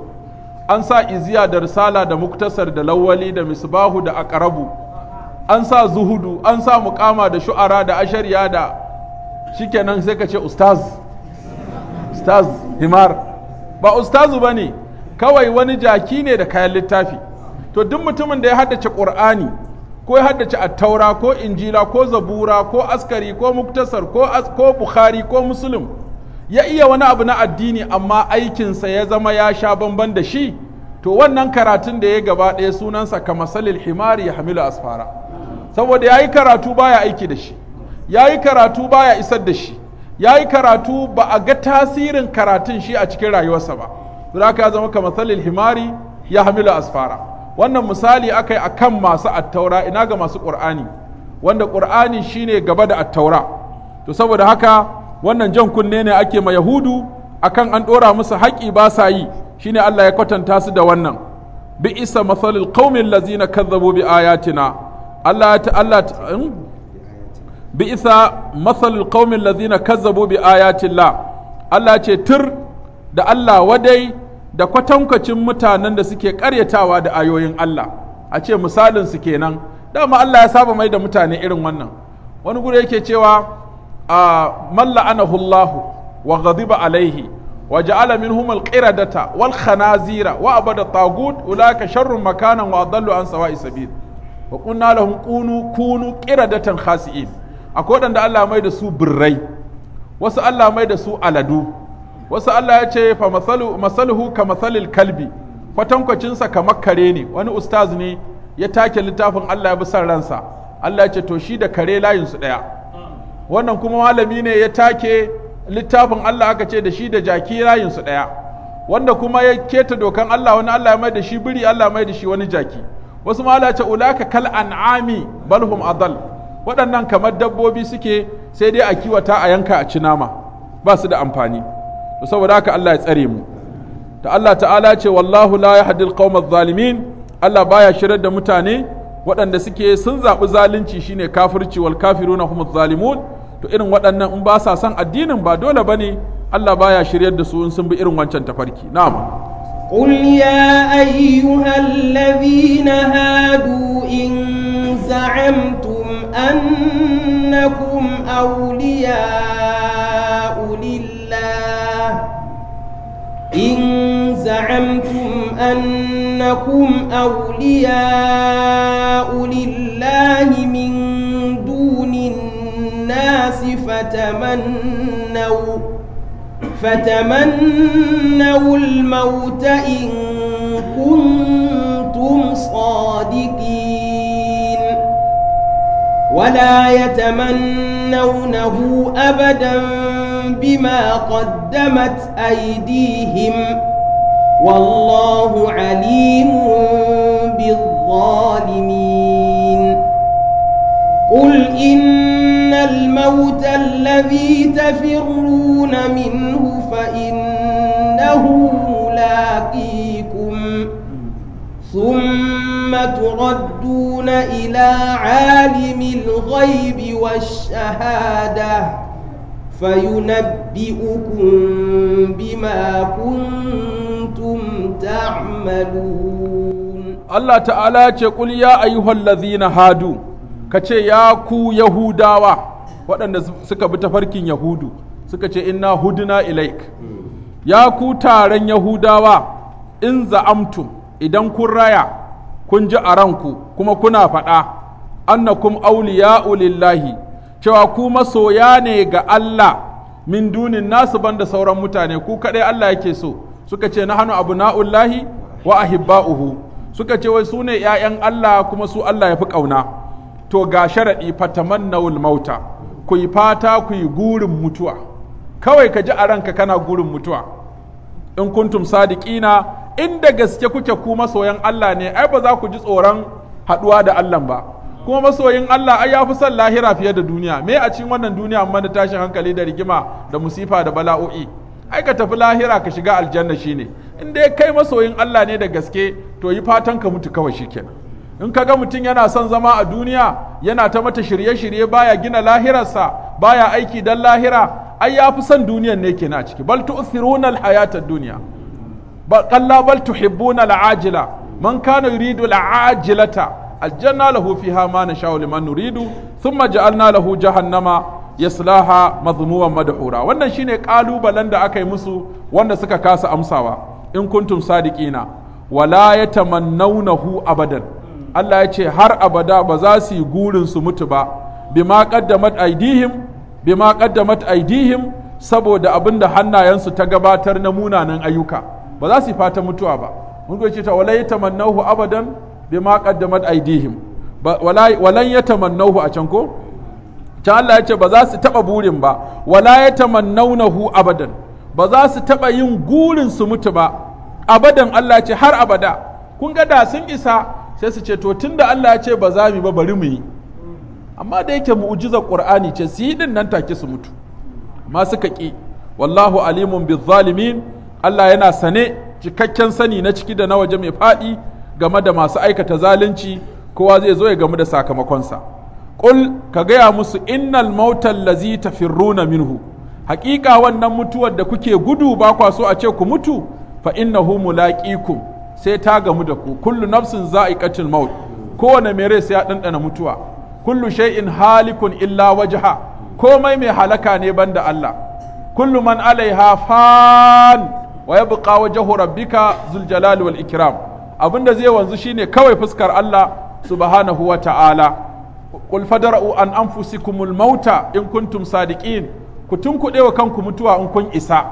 an sa iziya da risala da muktasar da lawali da misbahu da akarabu an sa zuhudu an sa mukama da shu'ara da ashariya da shikenan sai ka ce ustaz ustaz himar ba ustazu ba ne kawai wani jaki ne da kayan littafi to duk mutumin da ya haddace ƙur'ani ko ya haddace attaura ko injila ko zabura ko askari ko muktasar ko ko bukhari ko muslim ya iya wani abu na addini amma aikinsa ya zama ya sha bamban da shi to wannan karatun da ya gaba ɗaya sunansa ka masalil himari ya hamilu asfara saboda ya yi karatu baya aiki da shi ya yi karatu baya isar da shi ya yi karatu ba a ga tasirin karatun shi a cikin rayuwarsa ba za ka zama kamar salil himari ya hamilu asfara wannan misali aka yi a kan masu attaura ina ga masu ƙur'ani wanda ƙur'ani shine gaba da attaura to saboda haka wannan jan kunne ne ake ma yahudu akan an ɗora musu haƙi ba sa yi shine allah ya kwatanta su da wannan bi isa masalil ƙaumin lazina kazzabu bi ayatina allah ta allah hmm? bi'sa masalul ƙaumin lazina kazzabu bi la Allah ce tur da Allah wadai da kwatankwacin mutanen da suke karyatawa da ayoyin Allah a ce misalin su kenan dama Allah ya saba mai da mutane irin wannan wani guri yake cewa a malla anahullahu wa ghadiba alaihi wa ja'ala minhum alqiradata wal khanazira wa abada tagut ulaka sharrun makanan wa adallu an sawa'i sabil wa qulna lahum kunu kunu qiradatan khasi'in akwai waɗanda Allah mai da su birrai wasu Allah mai da su aladu wasu Allah ya ce fa masaluhu ka masalil kalbi kwatankwacinsa kamar kare ne wani ustaz ne ya take littafin Allah ya bi son ransa Allah ya ce to shi da kare layin su ɗaya wannan kuma malami ne ya take littafin Allah aka ce da shi da jaki layin su ɗaya wanda kuma ya keta dokan Allah wani Allah ya mai da shi biri Allah mai da shi wani jaki wasu ma Allah ya ce ulaka kal an'ami balhum adal waɗannan kamar dabbobi suke sai dai a kiwata a yanka a ci nama ba su da amfani to saboda haka Allah ya tsare mu ta Allah ta'ala ce wallahu la yahdil qaumaz zalimin Allah baya shirar da mutane waɗanda suke sun zaɓi zalunci shine kafirci wal kafiruna humuz zalimun to irin waɗannan in ba sa son addinin ba dole bane Allah baya shiryar da su in sun bi irin wancan tafarki na'am قل يا أيها الذين هادوا إن زعمتم أنكم أولياء لله إن زعمتم أنكم أولياء لله من دون الناس فتمنوا فتمنوا الموت إن كنتم صادقين ولا يتمنونه أبدا بما قدمت أيديهم والله عليم بالظالمين قل إن الموت الذي تفرون منه فإنه ملاقيكم ثم تردون إلى عالم الغيب والشهادة فينبئكم بما كنتم تعملون الله تعالى يقول يا أيها الذين هادوا ka ce ya ku yahudawa waɗanda suka bi tafarkin yahudu suka ce inna huduna ilaik ya ku taron yahudawa in za'amtum idan kun raya kun ji a ranku kuma kuna faɗa annakum awliya'u lillahi cewa ku masoya ne ga Allah min dunin nasu banda sauran mutane ku kaɗai Allah yake so suka ce na hannu abu na'ullahi wa ahibba'uhu suka ce wai su ne ‘ya'yan Allah kuma su Allah ya fi ƙauna to ga sharaɗi fatamannawul mauta ku yi fata ku yi gurin mutuwa kawai ka ji a ranka kana gurin mutuwa in kuntum sadiqina inda gaske kuke ku masoyan Allah ne ai ba za ku ji tsoron haɗuwa da Allah ba kuma masoyin Allah ai ya fi son lahira fiye da duniya me a cikin wannan duniya amma da tashin hankali da rigima da musifa da bala'o'i ai ka tafi lahira ka shiga aljanna shine in dai kai masoyin Allah ne da gaske to yi fatan ka mutu kawai shikenan in ka ga mutum yana son zama a duniya yana ta mata shirye-shirye baya gina lahirarsa baya aiki don lahira ai ya fi son duniyan ne ke na ciki bal tu'thiruna al-hayata ad-dunya bal qalla bal tuhibbuna al-ajila man kana yuridu al-ajilata aljanna lahu fiha ma nasha'u liman nuridu thumma ja'alna lahu jahannama yaslaha madhmuman madhura wannan shine kalubalen da aka yi musu wanda suka kasa amsawa in kuntum sadiqina wala yatamannawnahu abadan Allah ya ce har abada ba za su yi gurin su mutu ba bima qaddamat aidihim bima qaddamat aidihim saboda abin da hannayensu ta gabatar na munanan ayyuka ba za su yi fata mutuwa ba mun ce ta walai tamannahu abadan bima qaddamat aidihim walan yatamannahu a can ko can Allah ya ce ba za su taɓa burin ba wala ya abadan ba za su taɓa yin gurin su mutu ba abadan Allah ce har abada kun ga da sun isa sai su ce to tun da Allah ya ce ba za mu ba bari mu yi amma da yake mu'ujizar Qur'ani ce su yi din nan take su mutu amma suka ki wallahu alimun zalimin Allah yana sane cikakken sani na ciki da na waje mai fadi game da masu aikata zalunci kowa zai zo ya gamu da sakamakonsa ƙul ka gaya musu innal mautal lazi tafirruna minhu haƙiƙa wannan mutuwar da kuke gudu ba kwa so a ce ku mutu fa innahu mulaqikum sai ta gamu da ku kullu nafsin za'iqatul maut kowane mai rai sai ya ɗanɗana mutuwa kullu shay'in halikun illa wajha komai mai halaka ne banda Allah kullu man alaiha fan wa yabqa wajhu rabbika zul jalal wal ikram abinda zai wanzu shine kawai fuskar Allah subhanahu wa ta'ala qul fadra'u an anfusikumul mauta in kuntum sadiqin ku tunkuɗe wa kanku mutuwa in kun isa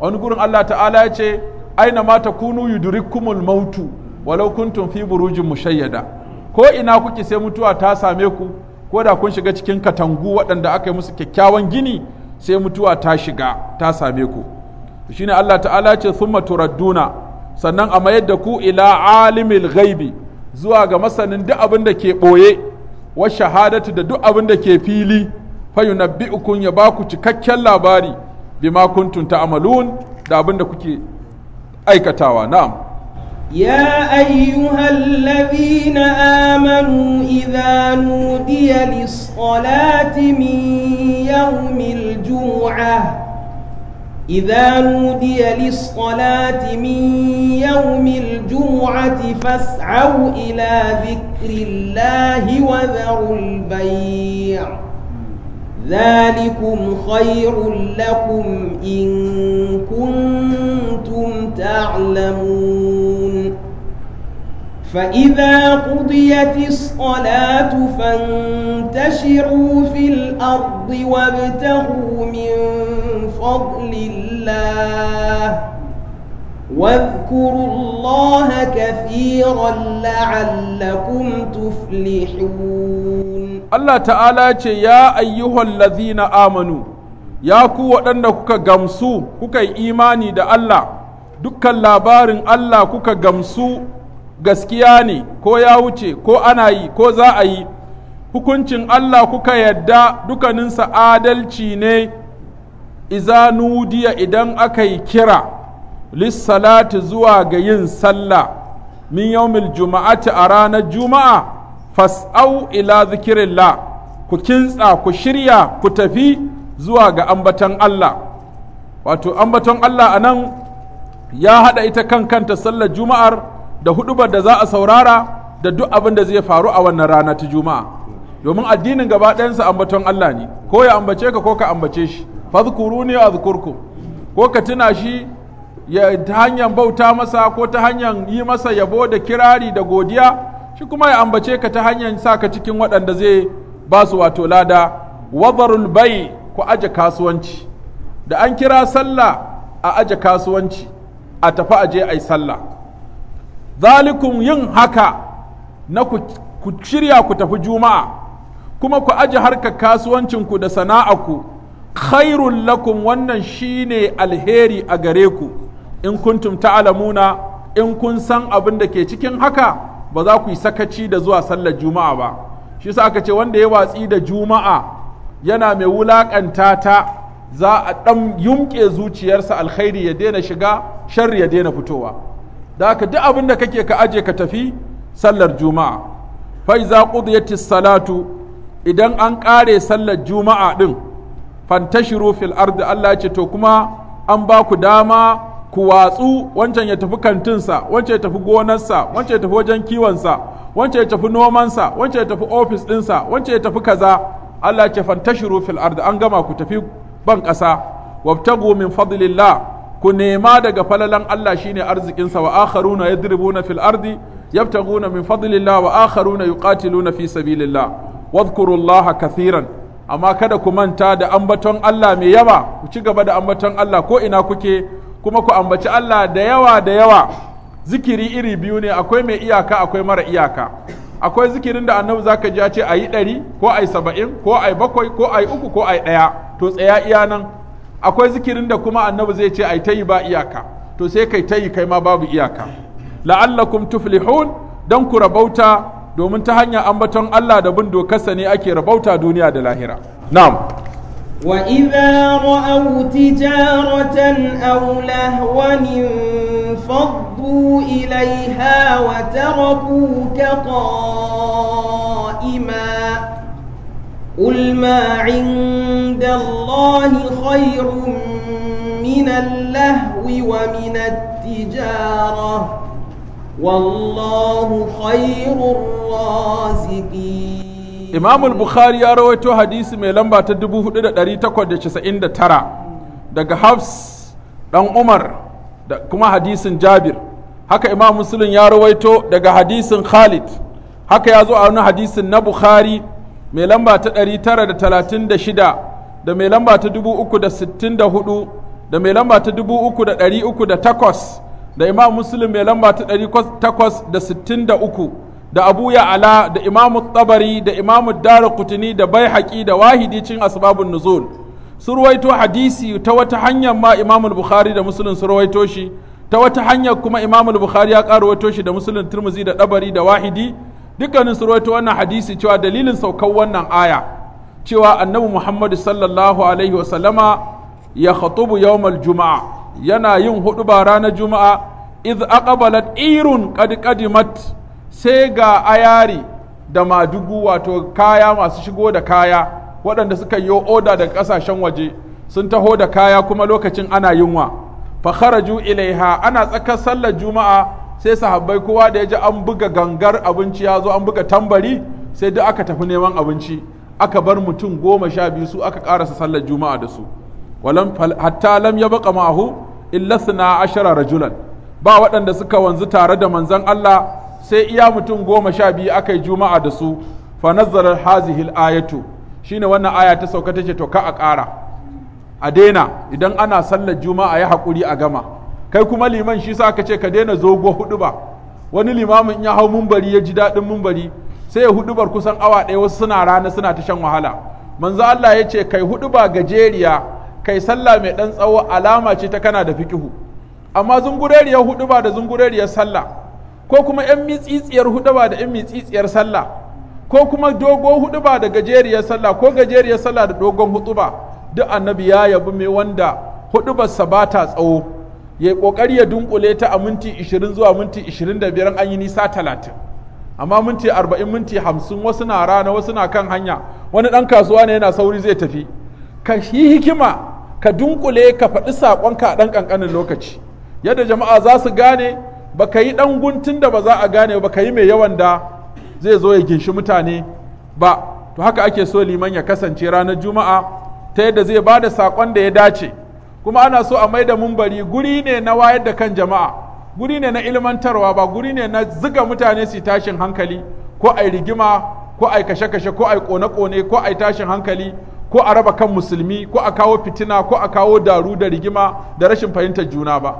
wani gurin Allah ta'ala ya ce aina ma kunu yudrikumul mautu walau kuntum fi burujin mushayyada ko ina kuke sai mutuwa ta same ku ko da kun shiga cikin katangu waɗanda aka yi musu kyakkyawan gini sai mutuwa ta shiga ta same ku shine Allah ta'ala ce thumma turadduna sannan a mayar da ku ila alimil ghaibi zuwa ga masanin duk abin da ke ɓoye wa shahadatu da duk abin da ke fili fa ya baku cikakken labari bima kuntum ta'malun da abin da kuke aikatawa na'am نعم. يا أيها الذين آمنوا إذا نودي للصلاة من يوم الجمعة إذا نودي للصلاة من يوم الجمعة فاسعوا إلى ذكر الله وذروا البيع ذلكم خير لكم إن كنتم تعلمون فإذا قضيت الصلاة فانتشروا في الأرض وابتغوا من فضل الله واذكروا الله كثيرا لعلكم تفلحون الله تعالى يا أيها الذين آمنوا يا كوة أن كوكا غمسو كوكا إيماني دا الله دكا لابارن الله كوك غمسو gaskiyani ko ya wuce ko ana yi ko za a yi hukuncin Allah kuka yadda dukaninsa adalci ne iza nudiya idan aka yi kira lissalati zuwa ga yin sallah min yawmil juma'ati a ranar juma'a fas'au ila zikirillah ku kintsa ku shirya ku tafi zuwa ga ambaton Allah wato ambaton Allah a nan ya haɗa ita kan kanta sallar juma'ar da hudubar da za a saurara da duk abin da zai faru a wannan rana ta juma'a domin addinin gaba ɗayansa ambaton Allah ne ko ya ambace ka ko ka ambace shi fadhkuruni azkurku ko ka tuna shi ya ta hanyar bauta masa ko ta hanyar yi masa yabo da kirari da godiya shi kuma ya ambace ka ta hanyar sa ka cikin waɗanda zai ba su wato lada wadarul bai ku aje kasuwanci da an kira sallah a aje kasuwanci a tafi aje ai sallah zalikum yin haka na ku shirya ku tafi juma'a kuma ku aje harkar kasuwancinku da sana'a ku khairul lakum wannan shine alheri a gare ku in kuntum ta'lamuna in kun san abin da ke cikin haka ba za ku yi sakaci da zuwa sallar juma'a ba shi sa aka ce wanda ya watsi da juma'a yana mai wulaƙanta ta za a ɗan yunƙe zuciyarsa alkhairi ya daina shiga sharri ya daina fitowa da aka duk abin da kake ka aje ka tafi sallar juma'a ku iza qudiyatis salatu idan an ƙare sallar juma'a din fantashiru fil ardi Allah ce to kuma an ba ku dama ku watsu wancan ya tafi kantinsa wancan ya tafi gonarsa wancan ya tafi wajen kiwonsa wancan ya tafi nomansa wancan ya tafi ofis ɗinsa wancan ya tafi kaza Allah ce shiru fil ardi an gama ku tafi ban ƙasa wabtagu min fadlillah ku nema daga falalan Allah shine arzikinsa wa akharuna yadribuna fil ardi yabtaguna min fadlillah wa akharuna yuqatiluna fi sabilillah wadhkurullaha kathiran amma kada ku manta da ambaton Allah mai yawa ku ci gaba da ambaton Allah ko ina kuke kuma ku ambaci Allah da yawa da yawa zikiri iri biyu ne akwai mai iyaka akwai mara iyaka akwai zikirin da annabi zaka ji ya ce ayi ɗari ko ayi saba'in ko ayi bakwai ko ayi uku ko ayi ɗaya to tsaya iya nan akwai zikirin da kuma annabi zai ce ayi tayi ba iyaka to sai kai tayi kai ma babu iyaka la'allakum tuflihun dan ku rabauta domin ta hanyar ambaton Allah da bin dokarsa ne ake rabauta duniya da lahira na'am وإذا رأوا تجارة أو لهوا انفضوا إليها وتركوك قائما قل ما عند الله خير من اللهو ومن التجارة والله خير الرازقين imamul bukhari ya rawaito hadisi mai lamba ta 4899 daga hafs dan umar da kuma hadisin jabir haka imam muslim ya rawaito daga hadisin khalid haka ya zo a wani hadisin na bukhari mai lamba ta 936 da mai lamba ta 364 da mai lamba ta 3308 da imam muslim mai lamba ta 863 da abu ala da imamu tabari da imamu dara kutuni da bai da wahidi cin asbabun nuzul su ruwaito hadisi ta wata hanyar ma imamu bukhari da musulun su ruwaito shi ta wata hanyar kuma imamu bukhari ya karuwaito shi da musulun turmuzi da dabari da wahidi dukkanin su ruwaito wannan hadisi cewa dalilin saukan wannan aya cewa annabi muhammadu sallallahu alaihi wasallama ya khatubu yawmal juma'a yana yin hudu ba ranar juma'a iz aqbalat irun qad qadimat sai ga ayari da madugu wato kaya masu shigo da kaya waɗanda suka yi oda daga ƙasashen waje sun taho da kaya kuma lokacin ana yunwa fakharaju ilaiha ana tsakar sallar juma'a sai sahabbai kowa da ya ji an buga gangar abinci ya zo an buga tambari sai duk aka tafi neman abinci aka bar mutum goma sha biyu su aka karasa sallar juma'a da su walam hatta lam ya baka ma'ahu illa suna ashara rajulan ba waɗanda suka wanzu tare da manzon Allah sai iya mutum goma sha biyu aka yi juma'a da su fa nazarar hazihil ayatu shine wannan aya ta sauka tace to ka a ƙara a daina idan ana sallar juma'a ya haƙuri a gama kai kuma liman shi sa ka ce ka daina zogo hudu ba wani limamin ya hau mumbari ya ji daɗin mumbari sai ya bar kusan awa ɗaya wasu suna rana suna ta shan wahala manzo Allah ya ce kai huɗuba gajeriya kai sallah mai ɗan tsawo alama ce ta kana da fikihu amma zungureriyar huɗuba da zungureriyar sallah ko kuma yan mitsitsiyar huɗuba da yan mitsitsiyar sallah ko kuma dogon huɗuba da gajeriyar sallah ko gajeriyar sallah da dogon huɗuba duk annabi ya yabi mai wanda huɗubarsa ba ta tsawo ya kokari ya dunkule ta a minti 20 zuwa minti 25 an yi nisa 30 amma minti 40 minti 50 wasu na rana wasu na kan hanya wani dan kasuwa ne yana sauri zai tafi ka yi hikima ka dunkule ka faɗi saƙonka a ɗan ƙanƙanin lokaci yadda jama'a za su gane ba ka yi ɗan guntun da ba za a gane ba ka yi mai yawan da zai zo ya ginshi mutane ba to haka ake so liman ya kasance ranar juma'a ta yadda zai ba da saƙon da ya dace kuma ana so a mai da mumbari guri ne na wayar da kan jama'a guri ne na ilmantarwa ba guri ne na ziga mutane su tashin hankali ko ai rigima ko ai kashe-kashe ko ai kone-kone ko ai tashin hankali ko a raba kan musulmi ko a kawo fitina ko a kawo daru da rigima da rashin fahimtar juna ba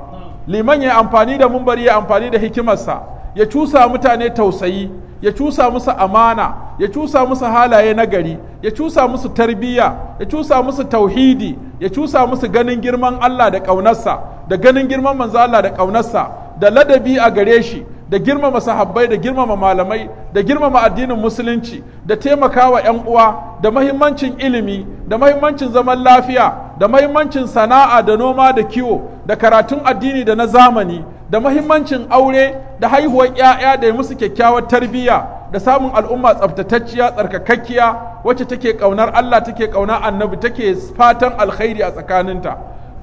liman ya amfani da mumbari ya amfani da hikimarsa ya cusa mutane tausayi ya cusa musu amana ya cusa musu halaye nagari ya cusa musu tarbiyya ya cusa musu tauhidi ya cusa musu ganin girman Allah da ƙaunarsa da ganin girman manzo Allah da ƙaunarsa da ladabi a gare shi da girmama sahabbai da girmama malamai da girmama addinin musulunci da taimakawa 'yan uwa da mahimmancin ilimi da mahimmancin zaman lafiya da mahimmancin sana'a da noma da kiwo da karatun addini da na zamani da mahimmancin aure da haihuwar 'ya'ya da musu kyakkyawar tarbiyya da samun al'umma tsaftatacciya tsarkakakkiya wacce take ƙaunar Allah take ƙaunar annabi take fatan alkhairi a tsakaninta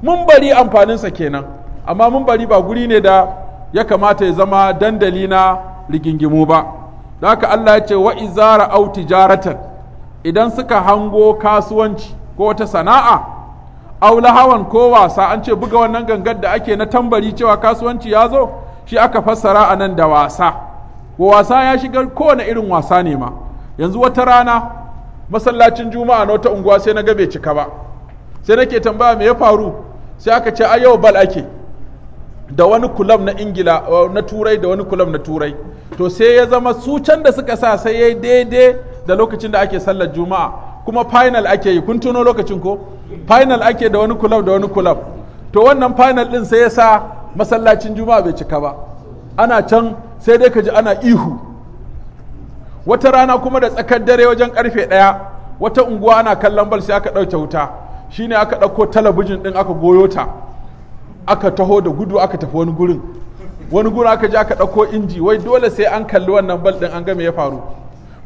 mun bari amfaninsa kenan amma mun bari ba guri ne da ya kamata ya zama dandali na rigingimu ba da haka Allah ya ce wa izara au tijaratan idan suka hango kasuwanci ko wata sana'a aula hawan ko wasa an ce buga wannan gangar da ake na tambari cewa kasuwanci ya zo shi aka fassara a nan da wasa ko wasa ya shiga kowane irin wasa ne ma yanzu wata rana masallacin juma'a na wata unguwa sai na ga bai cika ba sai nake tambaya me ya faru sai aka ce a yau bal ake da wani kulam na ingila na turai da wani kulam na turai to sai ya zama su can da suka sa sai ya daidai da lokacin da ake sallar juma'a kuma final ake yi kun tuno lokacin ko final ake da wani kulab da wani kulab to wannan final din sai ya sa masallacin juma'a bai cika ba ana can sai dai ka ji ana ihu wata rana kuma da tsakar dare wajen karfe ɗaya wata unguwa ana kallon bal sai aka ɗauke wuta shine aka ɗauko talabijin ɗin aka goyo ta aka taho da gudu aka tafi wani gurin wani gurin aka ji aka ɗauko inji wai dole sai an kalli wannan bal ɗin an ga ya faru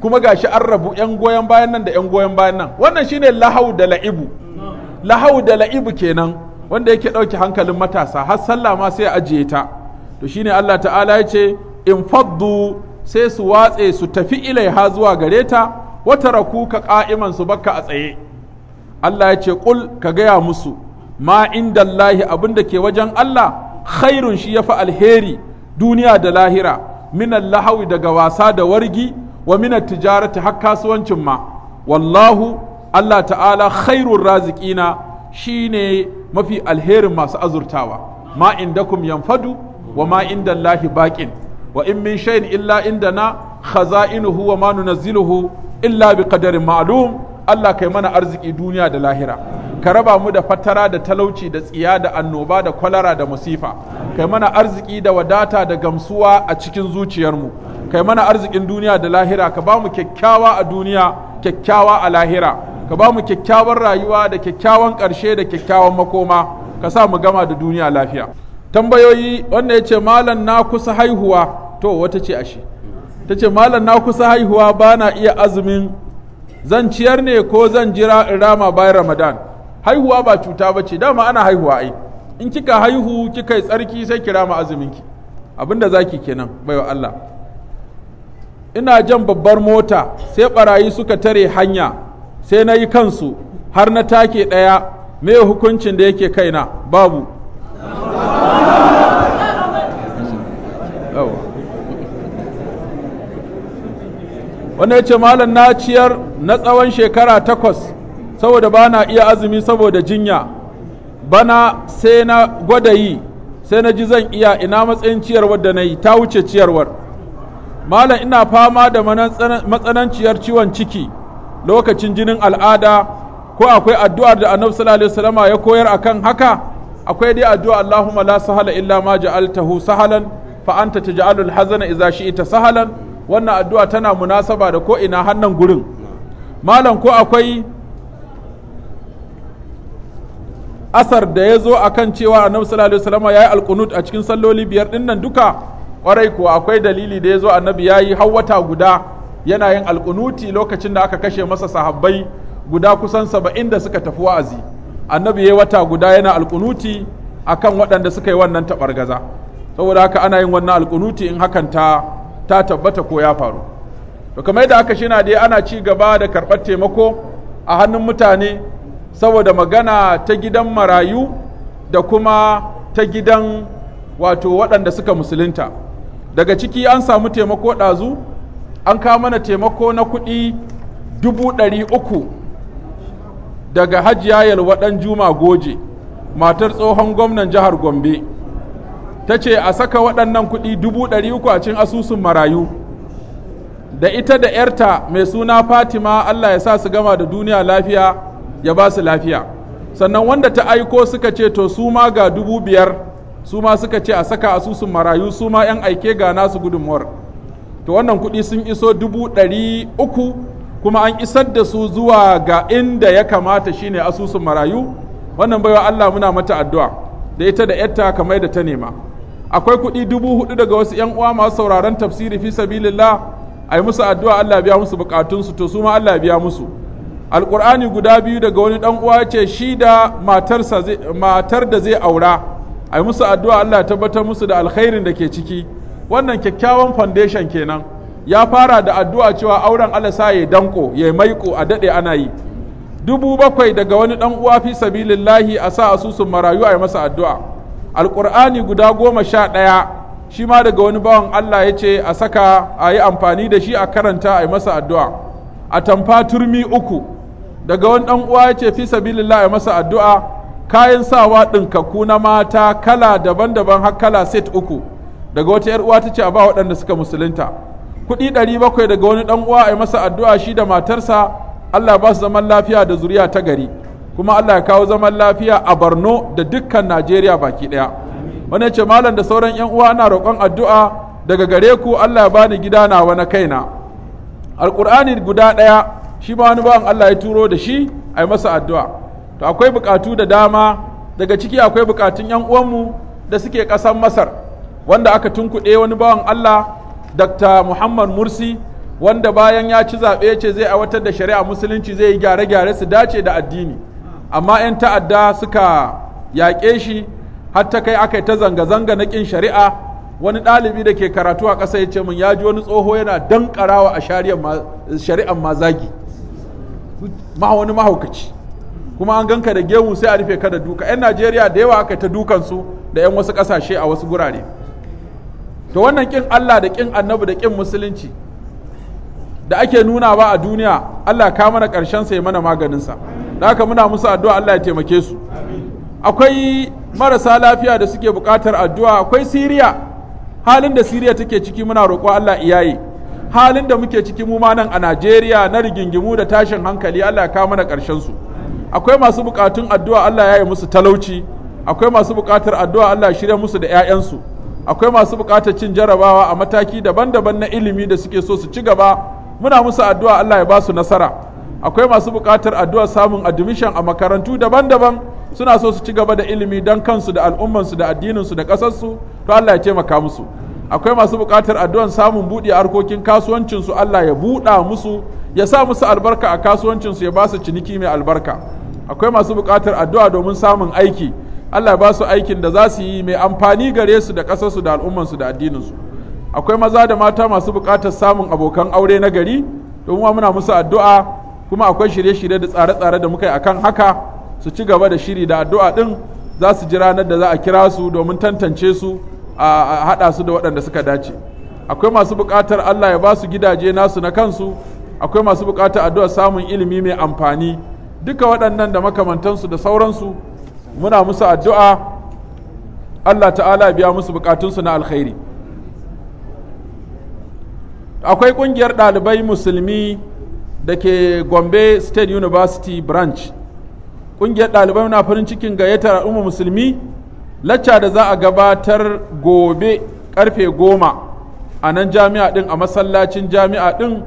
kuma gashi an rabu 'yan goyon bayan nan da 'yan goyon bayan nan wannan shine lahau da la'ibu lahau da la'ibu kenan wanda yake ɗauke hankalin matasa har sallah ma sai ajiye ta to shine Allah ta'ala ya ce in faddu sai su watse su tafi ilai ha zuwa gare ta wata raku ka ƙa'iman su bakka a tsaye Allah ya ce kul ka gaya musu ma inda Allah abin da ke wajen Allah khairun shi ya fi alheri duniya da lahira minan lahawi daga wasa da wargi wa minan tijarati har kasuwancin ma wallahu Allah ta'ala khairur razikina shine mafi alherin masu azurtawa ma indakum yanfadu wa ma inda Allahi baƙin. wa in min shay'in illa indana khaza'inuhu wa ma nunazziluhu illa bi qadarin ma'lum Allah kai mana arziki duniya da lahira ka raba mu da fatara da talauci da tsiya da annoba da kwalara da musifa kai mana arziki da wadata da gamsuwa a cikin zuciyarmu kai mana arzikin duniya da lahira ka ba mu kyakkyawa a duniya kyakkyawa a lahira ka ba mu kyakkyawar rayuwa da kyakkyawan ƙarshe da kyakkyawan makoma ka sa mu gama da duniya lafiya tambayoyi wanda ya ce malam na kusa haihuwa to wata ce ashe ta ce malam na kusa haihuwa ba na iya azumin zan ciyar ne ko zan jira in rama bayan ramadan haihuwa ba cuta ba ce dama ana haihuwa ai in kika haihu kika yi tsarki sai ki rama azuminki abinda zaki kenan baiwa Allah ina jan babbar mota sai barayi suka tare hanya sai na yi kansu har na take ɗaya me hukuncin da yake kaina babu wanda ya ce malam na ciyar na tsawon shekara takwas saboda ba na iya azumi saboda jinya bana sai na gwada yi sai na ji zan iya ina matsayin ciyarwar da na yi ta wuce ciyarwar malam ina fama da matsananciyar ciwon ciki lokacin jinin al'ada ko akwai addu'ar da annabi sallallahu alaihi wasallama ya koyar akan haka akwai dai addu'a Allahumma la sahala illa ma ja'altahu sahalan fa anta taj'alu al-hazana idza shi'ta sahalan wannan addu'a tana munasaba da ko ina hannan gurin malam ko akwai asar da ya zo a cewa annabi sallallahu alaihi wasallam yayi al alkunut a cikin salloli biyar dinnan duka kwarai ko akwai dalili da ya zo annabi ya yi har guda yana yin alƙunuti lokacin da aka kashe masa sahabbai guda kusan saba'in da suka tafi wa'azi annabi ya wata guda yana alƙunuti akan waɗanda suka yi wannan taɓargaza saboda haka ana yin wannan alƙunuti in hakan ta ta tabbata ko ya faru to kamar yadda aka shina dai ana ci gaba da karɓar taimako a hannun mutane saboda magana ta gidan marayu da kuma ta gidan wato waɗanda suka musulunta daga ciki an samu taimako ɗazu an kawo mana taimako na kuɗi dubu ɗari uku daga hajiya yalwa ɗan juma goje matar tsohon gwamnan jihar gombe ta ce a saka waɗannan kuɗi dubu ɗari uku a cin asusun marayu da ita da 'yarta mai suna fatima allah ya sa su gama da duniya lafiya ya ba su lafiya sannan wanda ta aiko suka ce to su ma ga dubu biyar su ma suka ce a saka asusun marayu su ma 'yan aike ga nasu gudunmuwar to wannan kuɗi sun iso dubu ɗari uku kuma an isar da su zuwa ga inda ya kamata shine asusun marayu wannan baiwa Allah muna mata addu'a da ita da yatta kamar da ta nema akwai kuɗi dubu hudu daga wasu yan uwa masu sauraron tafsiri fi sabilillah ai musu addu'a Allah biya musu bukatunsu to su ma Allah biya musu alƙur'ani guda biyu daga wani dan uwa ce shi da matar da zai aura ai musu addu'a Allah tabbatar musu da alkhairin da ke ciki wannan kyakkyawan foundation kenan ya fara da addu'a cewa auren Allah sa ya danko ya maiko a dade ana yi dubu bakwai daga wani dan uwa fi sabilillahi a sa asusun marayu a yi masa addu'a alƙur'ani guda goma sha ɗaya shi ma daga wani bawan Allah ya ce a saka a yi amfani da shi a karanta a yi masa addu'a a tamfa turmi uku daga wani dan uwa ya ce fi sabilillahi a yi masa addu'a kayan sawa ɗinkaku na mata kala daban-daban har kala set uku daga wata yar'uwa ta ce a ba waɗanda suka musulunta kuɗi ɗari bakwai daga wani ɗan uwa a yi masa addu'a shi da matarsa Allah ba su zaman lafiya da zuriya ta gari kuma Allah ya kawo zaman lafiya a Borno da dukkan Najeriya baki ɗaya wani ce malam da sauran yan uwa ana roƙon addu'a daga gare ku Allah ya bani gida kai na kaina alƙur'ani guda ɗaya shi ma wani bawan Allah ya turo da shi a yi masa addu'a to akwai buƙatu da dama daga ciki akwai buƙatun yan uwanmu da suke ƙasar Masar wanda aka tunkuɗe wani bawan Allah Dr. Muhammad Mursi wanda bayan ya ci zaɓe ce zai aiwatar da shari'a musulunci zai yi gyare-gyare su dace da addini amma 'yan ta'adda suka yaƙe shi har ta kai aka yi ta zanga-zanga na ƙin shari'a wani ɗalibi da ke karatu a ƙasa ya ce min ya ji wani tsoho yana danƙarawa a shari'ar ma zagi ma wani mahaukaci kuma an ganka da gemu sai a rufe ka da duka 'yan najeriya da yawa aka ta dukansu da 'yan wasu ƙasashe a wasu gurare to wannan kin Allah da kin annabi da kin musulunci da ake nuna ba a duniya Allah ka mana ƙarshen sai mana maganinsa da haka muna musu addu'a Allah ya taimake su akwai marasa lafiya da suke buƙatar addu'a akwai siriya halin da siriya take ciki muna roƙo Allah iyaye halin da muke ciki mu ma nan a Najeriya na rigingimu da tashin hankali Allah ya ka mana ƙarshen su akwai masu buƙatun addu'a Allah ya yi musu talauci akwai masu buƙatar addu'a Allah ya shirya musu da 'ya'yansu akwai masu bukatar cin jarabawa a mataki daban-daban na ilimi da suke so su ci gaba muna musu addu'a Allah ya ba su nasara akwai masu bukatar addu'a samun admission a makarantu daban-daban suna so su ci gaba da ilimi don kansu da al'ummansu da addininsu da kasarsu to Allah ya taimaka musu akwai masu bukatar addu'an samun buɗe harkokin kasuwancinsu Allah ya buɗa musu ya sa musu albarka a kasuwancinsu ya ba su ciniki mai albarka akwai masu bukatar addu'a domin samun aiki Allah ba su aikin da za su yi mai amfani gare su da ƙasarsu da al'ummansu da addininsu akwai maza da mata masu buƙatar samun abokan aure na gari domin muna musu addu'a kuma akwai shirye-shirye da tsare-tsare da muka yi akan haka su ci gaba da shiri da addu'a din za su ji ranar da za a kira su domin tantance su a haɗa su da waɗanda suka dace akwai masu buƙatar Allah ya ba su gidaje nasu na kansu akwai masu buƙatar addu'a samun ilimi mai amfani duka waɗannan da makamantansu da sauransu muna musu addu'a Allah ta'ala biya musu bukatunsu na alkhairi akwai ƙungiyar ɗalibai musulmi da ke gombe state university branch ƙungiyar ɗalibai muna farin cikin gayyatar al'umma musulmi lacca da za a gabatar gobe karfe goma a nan jami'a ɗin a masallacin jami'a ɗin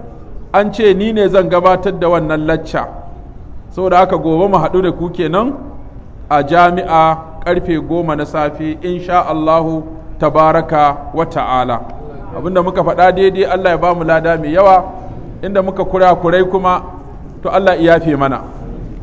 an ce ni ne zan gabatar da wannan lacca saboda haka gobe mu haɗu da ku kenan a jami'a karfe goma na safe insha Allahu tabaraka wa ta'ala abinda muka faɗa daidai Allah ya ba mu lada mai yawa inda muka kura kurai kuma to Allah ya yafe mana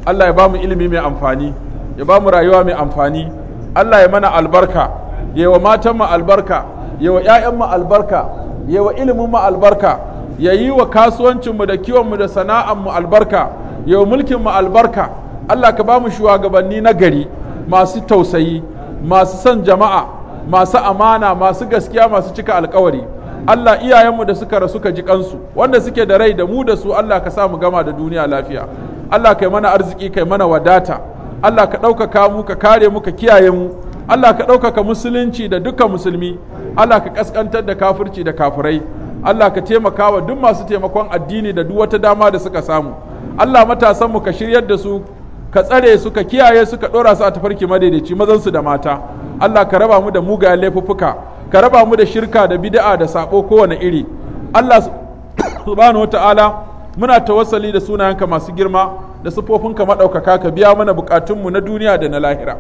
Allah ya ba mu ilimi mai amfani ya ba mu rayuwa mai amfani Allah ya mana albarka ya yi wa mu albarka ya wa mu albarka ya wa mu albarka ya yi wa kasuwancinmu da kiwon mu da sana'anmu albarka ya wa mulkinmu albarka Allah ka ba mu shugabanni na gari masu tausayi masu son jama'a masu amana masu gaskiya masu cika alkawari Allah iyayenmu da suka rasu ka ji kansu wanda suke da rai da mu da su Allah ka sa mu gama da duniya lafiya Allah kai mana arziki kai mana wadata Allah ka ɗaukaka mu ka kare mu ka kiyaye mu Allah ka ɗaukaka musulunci da dukkan musulmi Allah ka ƙasƙantar da kafirci da kafirai Allah ka taimaka wa duk masu taimakon addini da duk wata dama da suka samu Allah matasanmu ka shiryar da su ka tsare su ka kiyaye su ka ɗora su a tafarki madaidaici mazansu da mata Allah ka raba mu da mugayen laifuffuka ka raba mu da shirka da bid'a da sako kowane iri Allah subhanahu wata'ala muna tawassali da sunayenka masu girma da sufofinka maɗaukaka ka biya mana bukatun mu na duniya da na lahira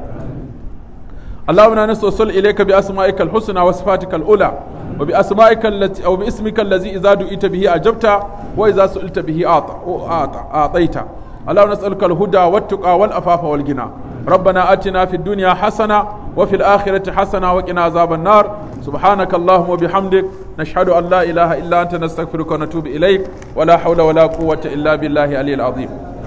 اللهم نسأل إليك بأسمائك الحسنى وصفاتك الأولى وبأسمائك التي أو باسمك الذي إذا دعيت به أجبت bihi سئلت به أعطى tsaita. اللهم نسألك الهدى والتقى والأفاف والغنى ربنا آتنا في الدنيا حسنة وفي الآخرة حسنة وقنا عذاب النار سبحانك اللهم وبحمدك نشهد أن لا إله إلا أنت نستغفرك ونتوب إليك ولا حول ولا قوة إلا بالله العلي العظيم